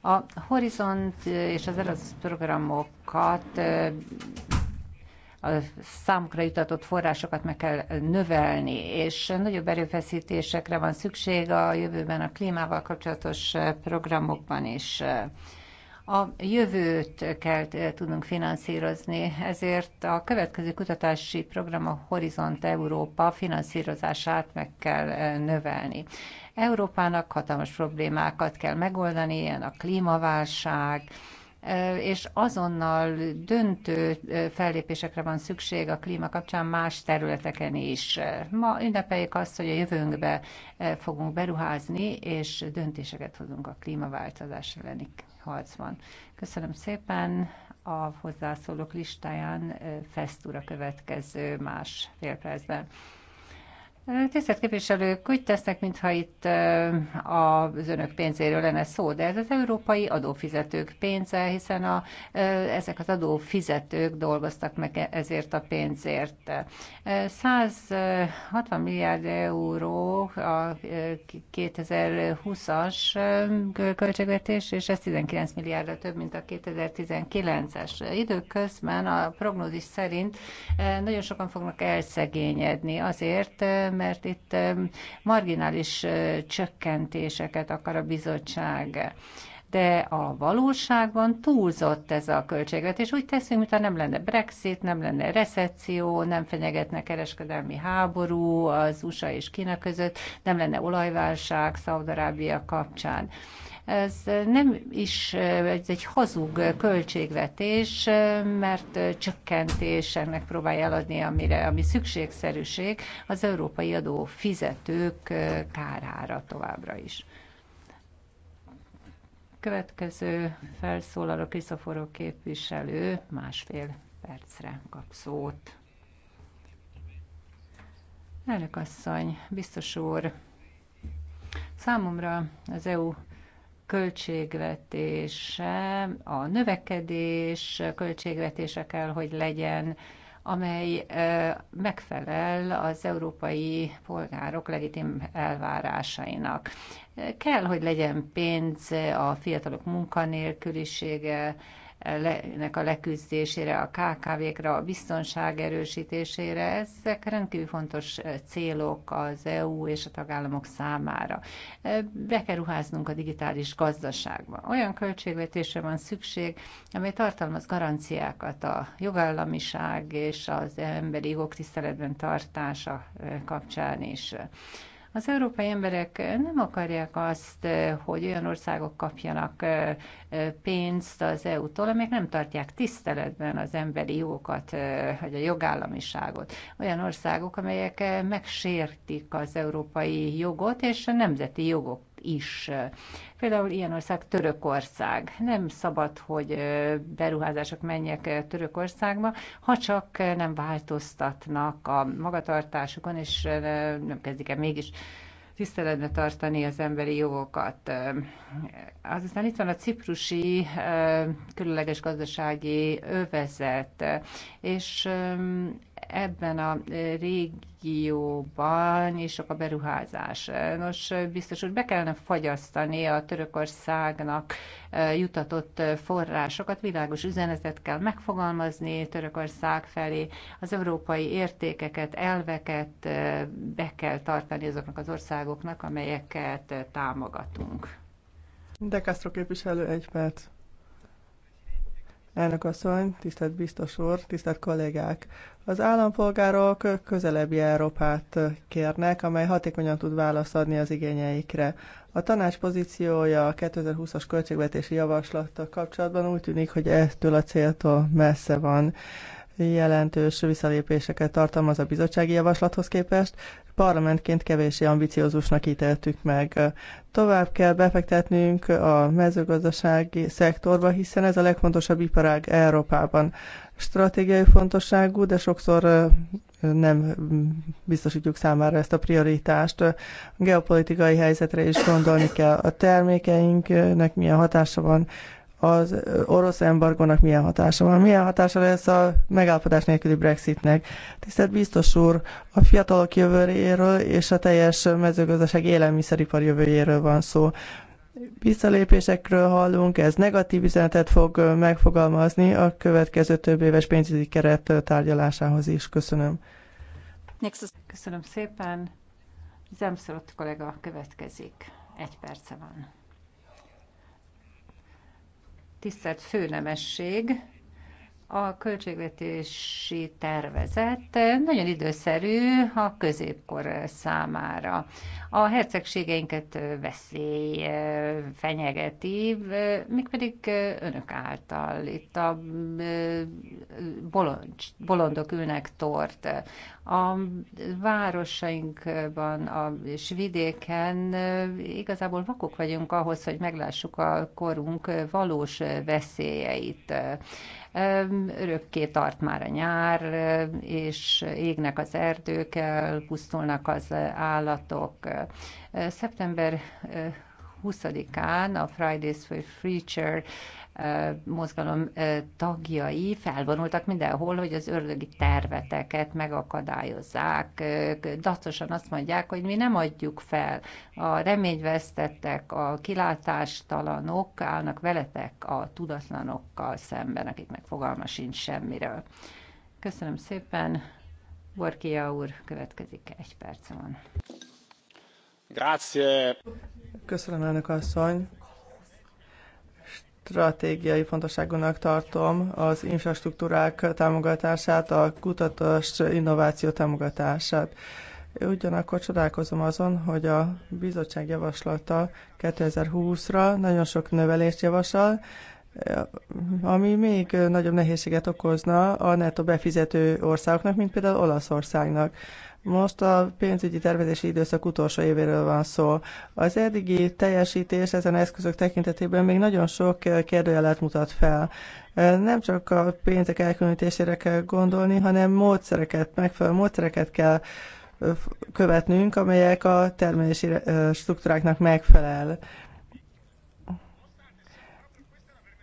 A Horizont és az Erasmus programokat a számukra jutatott forrásokat meg kell növelni, és nagyobb erőfeszítésekre van szükség a jövőben a klímával kapcsolatos programokban is. A jövőt kell eh, tudnunk finanszírozni, ezért a következő kutatási program a Horizont Európa finanszírozását meg kell eh, növelni. Európának hatalmas problémákat kell megoldani, ilyen a klímaválság, és azonnal döntő fellépésekre van szükség a klíma kapcsán más területeken is. Ma ünnepeljük azt, hogy a jövőnkbe fogunk beruházni, és döntéseket hozunk a klímaváltozás elleni harcban. Köszönöm szépen. A hozzászólók listáján Festúra következő más percben. Tisztelt képviselők, úgy tesznek, mintha itt az önök pénzéről lenne szó, de ez az európai adófizetők pénze, hiszen a, ezek az adófizetők dolgoztak meg e-, ezért a pénzért. 160 milliárd euró a 2020-as költségvetés, és ez 19 milliárdra több, mint a 2019-es. Időközben a prognózis szerint nagyon sokan fognak elszegényedni azért, mert itt marginális csökkentéseket akar a bizottság de a valóságban túlzott ez a költségvetés. Úgy teszünk, mintha nem lenne Brexit, nem lenne recesszió, nem fenyegetne kereskedelmi háború az USA és Kína között, nem lenne olajválság Szaudarábia kapcsán ez nem is ez egy hazug költségvetés, mert csökkentésnek próbálja eladni, amire, ami szükségszerűség az európai adó fizetők kárára továbbra is. Következő felszólaló Kriszoforó képviselő másfél percre kap szót. Elnök asszony, biztos úr, számomra az EU költségvetése, a növekedés költségvetése kell, hogy legyen, amely megfelel az európai polgárok legitim elvárásainak. Kell, hogy legyen pénz a fiatalok munkanélkülisége nek a leküzdésére, a KKV-kra, a biztonság erősítésére. Ezek rendkívül fontos célok az EU és a tagállamok számára. Be kell ruháznunk a digitális gazdaságba. Olyan költségvetésre van szükség, amely tartalmaz garanciákat a jogállamiság és az emberi jogok tiszteletben tartása kapcsán is. Az európai emberek nem akarják azt, eh, hogy olyan országok kapjanak eh, eh, pénzt az EU-tól, amelyek nem tartják tiszteletben az emberi jogokat, vagy a jogállamiságot. Olyan országok, amelyek megsértik az európai jogot, és a nemzeti jogok is. Például ilyen ország Törökország. Nem szabad, hogy beruházások menjek Törökországba, ha csak nem változtatnak a magatartásukon, és nem kezdik el mégis tiszteletbe tartani az emberi jogokat. Aztán itt van a ciprusi különleges gazdasági övezet, és ebben a régióban is sok a beruházás. Nos, biztos, hogy be kellene fagyasztani a Törökországnak jutatott forrásokat, világos üzenetet kell megfogalmazni Törökország felé, az európai értékeket, elveket be kell tartani azoknak az országoknak, amelyeket támogatunk.
De Castro képviselő, egy perc. Elnök asszony, tisztelt biztos úr, tisztelt kollégák! Az állampolgárok közelebbi Európát kérnek, amely hatékonyan tud választ adni az igényeikre. A tanács pozíciója a 2020-as költségvetési javaslattal kapcsolatban úgy tűnik, hogy ettől a céltól messze van jelentős visszalépéseket tartalmaz a bizottsági javaslathoz képest, parlamentként kevéssé ambiciózusnak ítéltük meg. Tovább kell befektetnünk a mezőgazdasági szektorba, hiszen ez a legfontosabb iparág Európában. Stratégiai fontosságú, de sokszor nem biztosítjuk számára ezt a prioritást. A geopolitikai helyzetre is gondolni kell. A termékeinknek milyen hatása van az orosz embargónak milyen hatása van, milyen hatása lesz a megállapodás nélküli Brexitnek. Tisztelt biztos úr, a fiatalok jövőjéről és a teljes mezőgazdaság élelmiszeripar jövőjéről van szó. Visszalépésekről hallunk, ez negatív üzenetet fog megfogalmazni a következő több éves pénzügyi keret tárgyalásához is. Köszönöm.
Köszönöm szépen. Zemszorott kollega következik. Egy perce van tisztelt főnemesség! a költségvetési tervezet nagyon időszerű a középkor számára. A hercegségeinket veszély fenyegeti, pedig önök által. Itt a bolond, bolondok ülnek tort. A városainkban a, és vidéken igazából vakok vagyunk ahhoz, hogy meglássuk a korunk valós veszélyeit örökké tart már a nyár, és égnek az erdők, pusztulnak az állatok. Szeptember 20-án a Fridays for Future mozgalom tagjai felvonultak mindenhol, hogy az ördögi terveteket megakadályozzák. Dacosan azt mondják, hogy mi nem adjuk fel. A reményvesztettek, a kilátástalanok állnak veletek a tudatlanokkal szemben, meg fogalma sincs semmiről. Köszönöm szépen.
Borkia úr, következik egy perc van.
Grazie.
Köszönöm, elnök asszony stratégiai fontosságúnak tartom az infrastruktúrák támogatását, a kutatás innováció támogatását. Ugyanakkor csodálkozom azon, hogy a bizottság javaslata 2020-ra nagyon sok növelést javasol, ami még nagyobb nehézséget okozna a netto befizető országoknak, mint például Olaszországnak. Most a pénzügyi tervezési időszak utolsó évéről van szó. Az eddigi teljesítés ezen eszközök tekintetében még nagyon sok kérdőjelet mutat fel. Nem csak a pénzek elkülönítésére kell gondolni, hanem módszereket, megfelelő módszereket kell követnünk, amelyek a termelési struktúráknak megfelel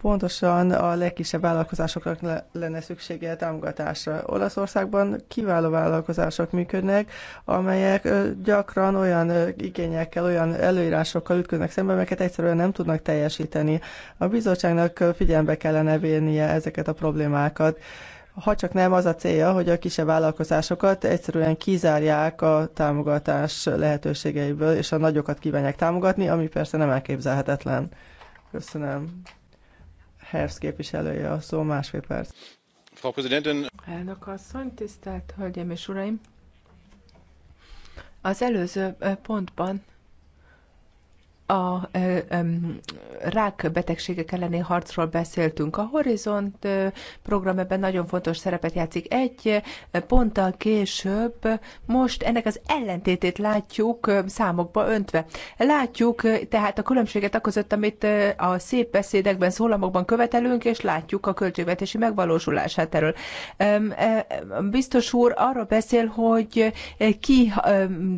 pontosan a legkisebb vállalkozásoknak lenne szüksége támogatásra. Olaszországban kiváló vállalkozások működnek, amelyek gyakran olyan igényekkel, olyan előírásokkal ütköznek szembe, amelyeket egyszerűen nem tudnak teljesíteni. A bizottságnak figyelembe kellene vennie ezeket a problémákat. Ha csak nem az a célja, hogy a kisebb vállalkozásokat egyszerűen kizárják a támogatás lehetőségeiből, és a nagyokat kívánják támogatni, ami persze nem elképzelhetetlen. Köszönöm. Hersz képviselője a szó, másfél perc.
Frau Präsidentin! Elnök asszony, tisztelt Hölgyeim és Uraim! Az előző pontban a ö, ö, rák betegségek elleni harcról beszéltünk. A Horizont program ebben nagyon fontos szerepet játszik. Egy ponttal később most ennek az ellentétét látjuk számokba öntve. Látjuk tehát a különbséget a között, amit a szép beszédekben, szólamokban követelünk, és látjuk a költségvetési megvalósulását erről. Biztos úr arra beszél, hogy ki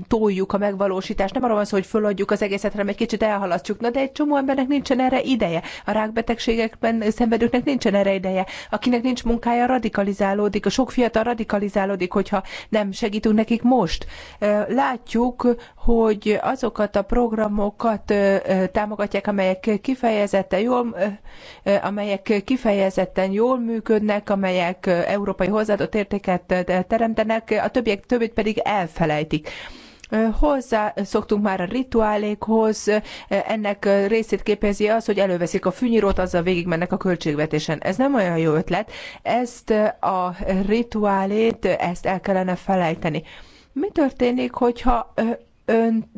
toljuk a megvalósítást. Nem arról van szó, hogy föladjuk az egészet, hanem egy kicsit kicsit elhalasztjuk. Na de egy csomó embernek nincsen erre ideje. A rákbetegségekben szenvedőknek nincsen erre ideje. Akinek nincs munkája, radikalizálódik. A sok fiatal radikalizálódik, hogyha nem segítünk nekik most. Látjuk, hogy azokat a programokat támogatják, amelyek kifejezetten jól, amelyek kifejezetten jól működnek, amelyek európai hozzáadott értéket teremtenek, a többiek többit pedig elfelejtik. Hozzá szoktunk már a rituálékhoz, ennek részét képezi az, hogy előveszik a fűnyírót, azzal végigmennek a költségvetésen. Ez nem olyan jó ötlet, ezt a rituálét, ezt el kellene felejteni. Mi történik, hogyha ön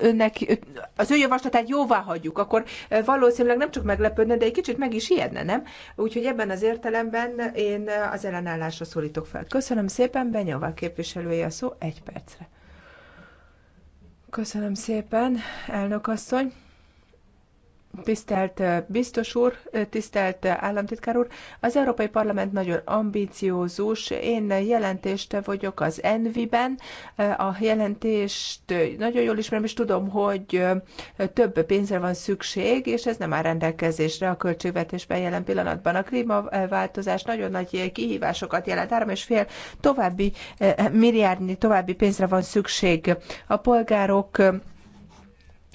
önnek az ő javaslatát jóvá hagyjuk, akkor valószínűleg nem csak meglepődne, de egy kicsit meg is ijedne, nem? Úgyhogy ebben az értelemben én az ellenállásra szólítok fel. Köszönöm szépen, Benyova képviselője a szó egy percre. Köszönöm szépen, elnök asszony. Tisztelt biztos úr, tisztelt államtitkár úr, az Európai Parlament nagyon ambiciózus. Én jelentést vagyok az Envi-ben. A jelentést nagyon jól ismerem, és tudom, hogy több pénzre van szükség, és ez nem áll rendelkezésre a költségvetésben jelen pillanatban. A klímaváltozás nagyon nagy kihívásokat jelent. Három és fél további milliárdnyi további pénzre van szükség. A polgárok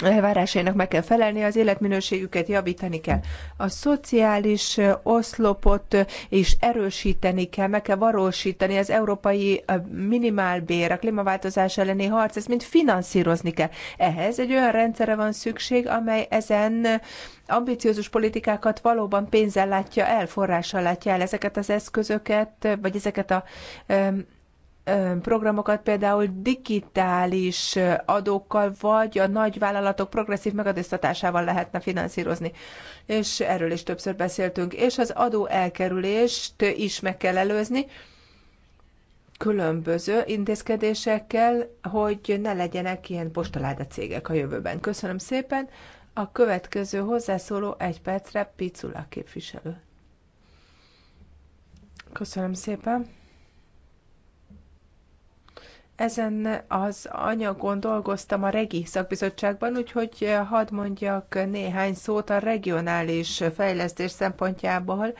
elvárásainak meg kell felelni, az életminőségüket javítani kell. A szociális oszlopot is erősíteni kell, meg kell valósítani az európai minimálbér, a klímaváltozás elleni harc, ezt mind finanszírozni kell. Ehhez egy olyan rendszerre van szükség, amely ezen ambiciózus politikákat valóban pénzzel látja el, forrással látja el ezeket az eszközöket, vagy ezeket a programokat, például digitális adókkal, vagy a nagyvállalatok progresszív megadóztatásával lehetne finanszírozni. És erről is többször beszéltünk. És az adó elkerülést is meg kell előzni, különböző intézkedésekkel, hogy ne legyenek ilyen postaláda cégek a jövőben. Köszönöm szépen. A következő hozzászóló egy percre Picula képviselő. Köszönöm szépen. Ezen az anyagon dolgoztam a Regi szakbizottságban, úgyhogy hadd mondjak néhány szót a regionális fejlesztés szempontjából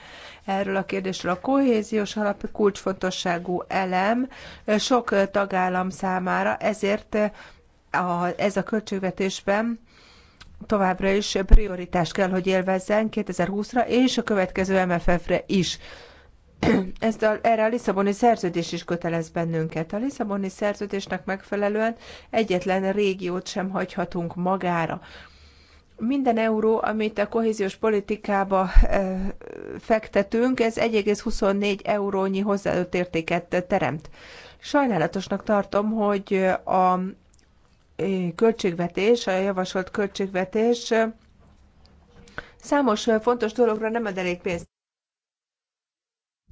erről a kérdésről. A kohéziós alap kulcsfontosságú elem sok tagállam számára, ezért a, ez a költségvetésben továbbra is prioritást kell, hogy élvezzen 2020-ra és a következő MFF-re is. *clears throat* ezt a, erre a Lisszaboni szerződés is kötelez bennünket. A Lisszaboni szerződésnek megfelelően egyetlen régiót sem hagyhatunk magára. Minden euró, amit a kohéziós politikába e, fektetünk, ez 1,24 eurónyi hozzáadott értéket teremt. Sajnálatosnak tartom, hogy a eh, költségvetés, a javasolt költségvetés eh, számos fontos dologra nem ad elég pénzt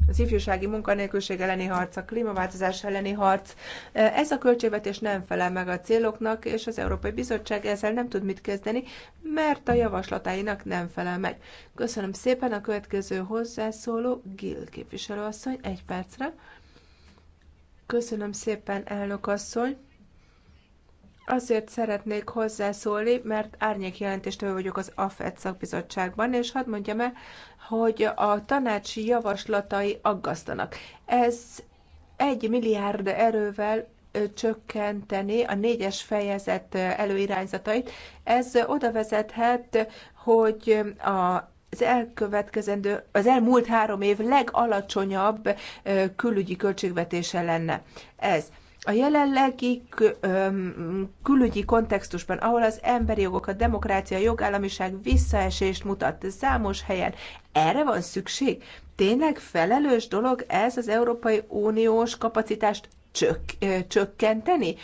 az ifjúsági munkanélküliség elleni harc, a klímaváltozás elleni harc. Ez a költségvetés nem felel meg a céloknak, és az Európai Bizottság ezzel nem tud mit kezdeni, mert a javaslatáinak nem felel meg. Köszönöm szépen a következő hozzászóló, Gil képviselőasszony, egy percre. Köszönöm szépen, elnök asszony. Azért szeretnék hozzászólni, mert árnyék jelentéstől vagyok az AFET szakbizottságban, és hadd mondjam el, hogy a tanácsi javaslatai aggasztanak. Ez egy milliárd erővel csökkenteni a négyes fejezet előirányzatait. Ez oda vezethet, hogy a az elkövetkezendő, az elmúlt három év legalacsonyabb külügyi költségvetése lenne. Ez. A jelenlegi külügyi kontextusban, ahol az emberi jogok, a demokrácia, a jogállamiság visszaesést mutat számos helyen, erre van szükség? Tényleg felelős dolog ez az Európai Uniós kapacitást csök, csökkenteni?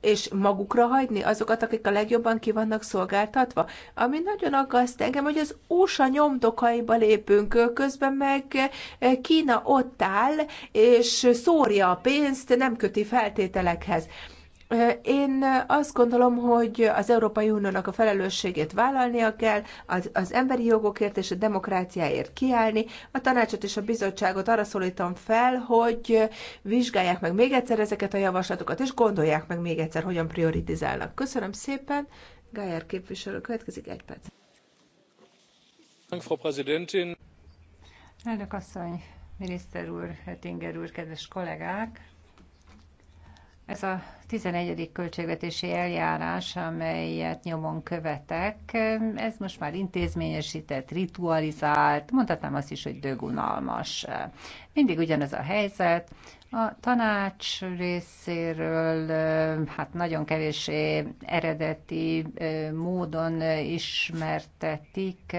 és magukra hagyni azokat, akik a legjobban ki vannak szolgáltatva. Ami nagyon aggaszt engem, hogy az USA nyomdokaiba lépünk, közben meg Kína ott áll, és szórja a pénzt, nem köti feltételekhez. Én azt gondolom, hogy az Európai Uniónak a felelősségét vállalnia kell, az, az emberi jogokért és a demokráciáért kiállni. A tanácsot és a bizottságot arra szólítom fel, hogy vizsgálják meg még egyszer ezeket a javaslatokat, és gondolják meg még egyszer, hogyan prioritizálnak. Köszönöm szépen. Gájár képviselő, következik egy perc.
Elnök asszony, miniszter úr, Hettinger úr, kedves kollégák! Ez a 11. költségvetési eljárás, amelyet nyomon követek, ez most már intézményesített, ritualizált, mondhatnám azt is, hogy dögunalmas. Mindig ugyanaz a helyzet, a tanács részéről hát nagyon kevés eredeti módon ismertetik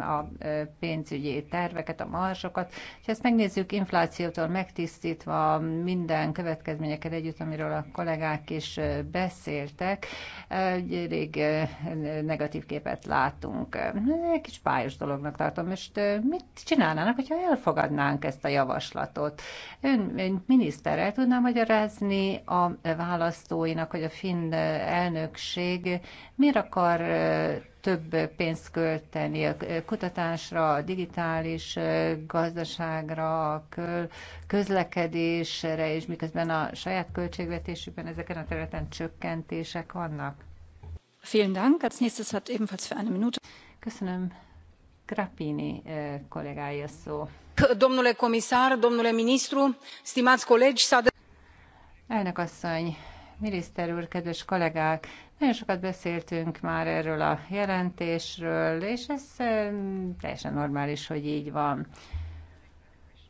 a pénzügyi terveket, a marsokat. Ha ezt megnézzük inflációtól megtisztítva minden következményeket együtt, amiről a kollégák kollégák is beszéltek, egy rég negatív képet látunk. Egy kis pályos dolognak tartom, és mit csinálnának, hogyha elfogadnánk ezt a javaslatot? Ön, ön miniszter, el tudná magyarázni a választóinak, hogy a finn elnökség miért akar több pénzt költeni a kutatásra, a digitális gazdaságra, a közlekedésre, és miközben a saját költségvetésükben ezeken a területen csökkentések vannak? Vielen Dank. Als nächstes hat ebenfalls für eine Minute. Köszönöm. Grappini kollégája szó. Domnule comisar, domnule ministru, stimați colegi, Elnök asszony, miniszter úr, kedves kollégák! Nagyon sokat beszéltünk már erről a jelentésről, és ez teljesen normális, hogy így van.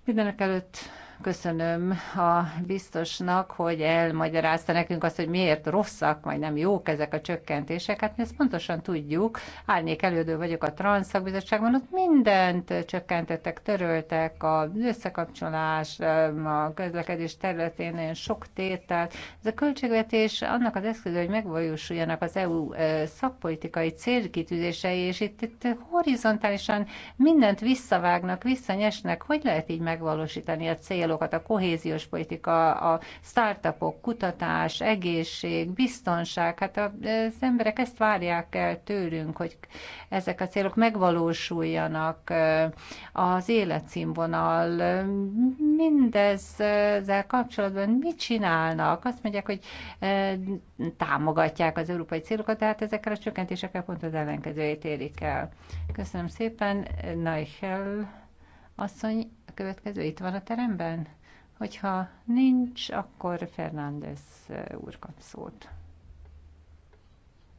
Mindenek előtt köszönöm a biztosnak, hogy elmagyarázta nekünk azt, hogy miért rosszak, majd nem jók ezek a csökkentések. Hát mi ezt pontosan tudjuk. Árnyék elődő vagyok a Transzakbizottságban, ott mindent csökkentettek, töröltek, az összekapcsolás, a közlekedés területén nagyon sok tételt. Ez a költségvetés annak az eszköze, hogy megvalósuljanak az EU e, szakpolitikai célkitűzései, és itt, itt horizontálisan mindent visszavágnak, visszanyesnek. Hogy lehet így megvalósítani a cél célokat, a kohéziós politika, a startupok, kutatás, egészség, biztonság, hát az emberek ezt várják el tőlünk, hogy ezek a célok megvalósuljanak, az életszínvonal, mindezzel kapcsolatban mit csinálnak? Azt mondják, hogy támogatják az európai célokat, tehát hát ezekkel a csökkentésekkel pont az ellenkezőjét érik el. Köszönöm szépen, Neichel asszony, következő itt van a teremben? Hogyha nincs, akkor Fernández úr kap szót.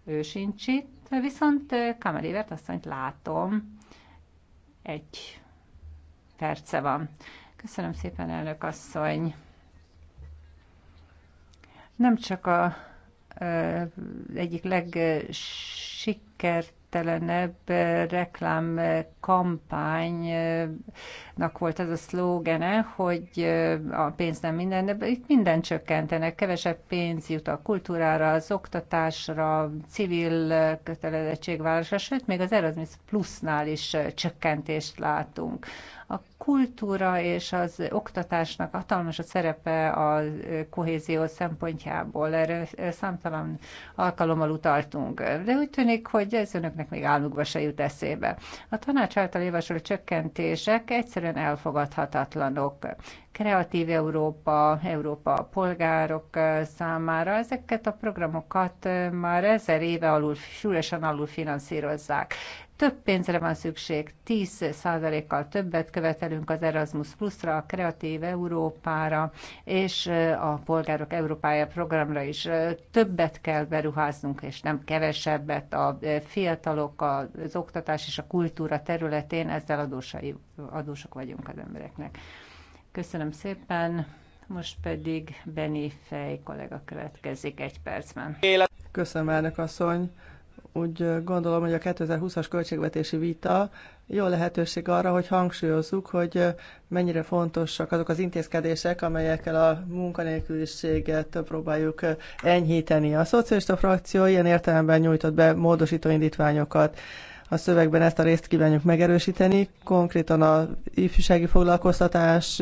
Ő sincs itt, viszont Kamelévert asszonyt látom. Egy perce van. Köszönöm szépen, elnök asszony. Nem csak a egyik legsikert legértéktelenebb reklámkampánynak volt az a szlógene, hogy a pénz nem minden, de itt minden csökkentenek, kevesebb pénz jut a kultúrára, az oktatásra, civil kötelezettségvállalásra, sőt, még az Erasmus Plusnál is csökkentést látunk. A kultúra és az oktatásnak hatalmas a szerepe a kohézió szempontjából. Erre számtalan alkalommal utaltunk. De úgy tűnik, hogy ez önöknek még álmukba se jut eszébe. A tanács által javasolt csökkentések egyszerűen elfogadhatatlanok kreatív Európa, Európa a polgárok számára. Ezeket a programokat már ezer éve alul, súlyosan alul finanszírozzák. Több pénzre van szükség, 10%-kal többet követelünk az Erasmus Plus-ra, a Kreatív Európára és a Polgárok Európája programra is. Többet kell beruháznunk, és nem kevesebbet a fiatalok, az oktatás és a kultúra területén, ezzel adósai, adósok vagyunk az embereknek. Köszönöm szépen! Most pedig Beni Fej kollega következik egy percben.
Köszönöm, elnök asszony úgy gondolom, hogy a 2020-as költségvetési vita jó lehetőség arra, hogy hangsúlyozzuk, hogy mennyire fontosak azok az intézkedések, amelyekkel a munkanélküliséget próbáljuk enyhíteni. A szocialista frakció ilyen értelemben nyújtott be módosító indítványokat. A szövegben ezt a részt kívánjuk megerősíteni, konkrétan a ifjúsági foglalkoztatás,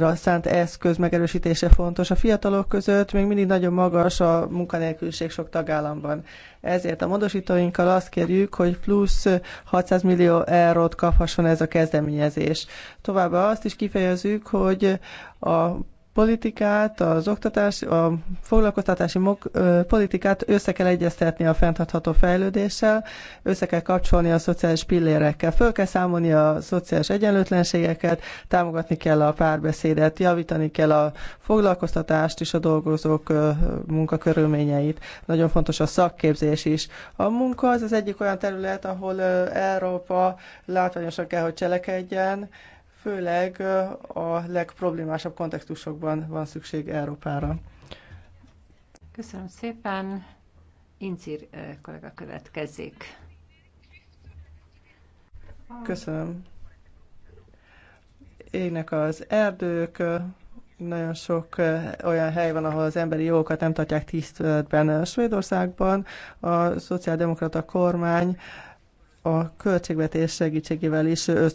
szánt eszköz megerősítése fontos. A fiatalok között még mindig nagyon magas a munkanélküliség sok tagállamban. Ezért a módosítóinkkal azt kérjük, hogy plusz 600 millió eurót kaphasson ez a kezdeményezés. Továbbá azt is kifejezzük, hogy a politikát, az oktatás, a foglalkoztatási politikát össze kell egyeztetni a fenntartható fejlődéssel, össze kell kapcsolni a szociális pillérekkel, föl kell számolni a szociális egyenlőtlenségeket, támogatni kell a párbeszédet, javítani kell a foglalkoztatást és a dolgozók munkakörülményeit. Nagyon fontos a szakképzés is. A munka az az egyik olyan terület, ahol Európa látványosan kell, hogy cselekedjen, főleg a legproblémásabb kontextusokban van szükség Európára.
Köszönöm szépen. Incir
kollega következik. Köszönöm. Égnek az erdők, nagyon sok olyan hely van, ahol az emberi jogokat nem tartják tiszteletben. Svédországban a szociáldemokrata kormány a költségvetés segítségével is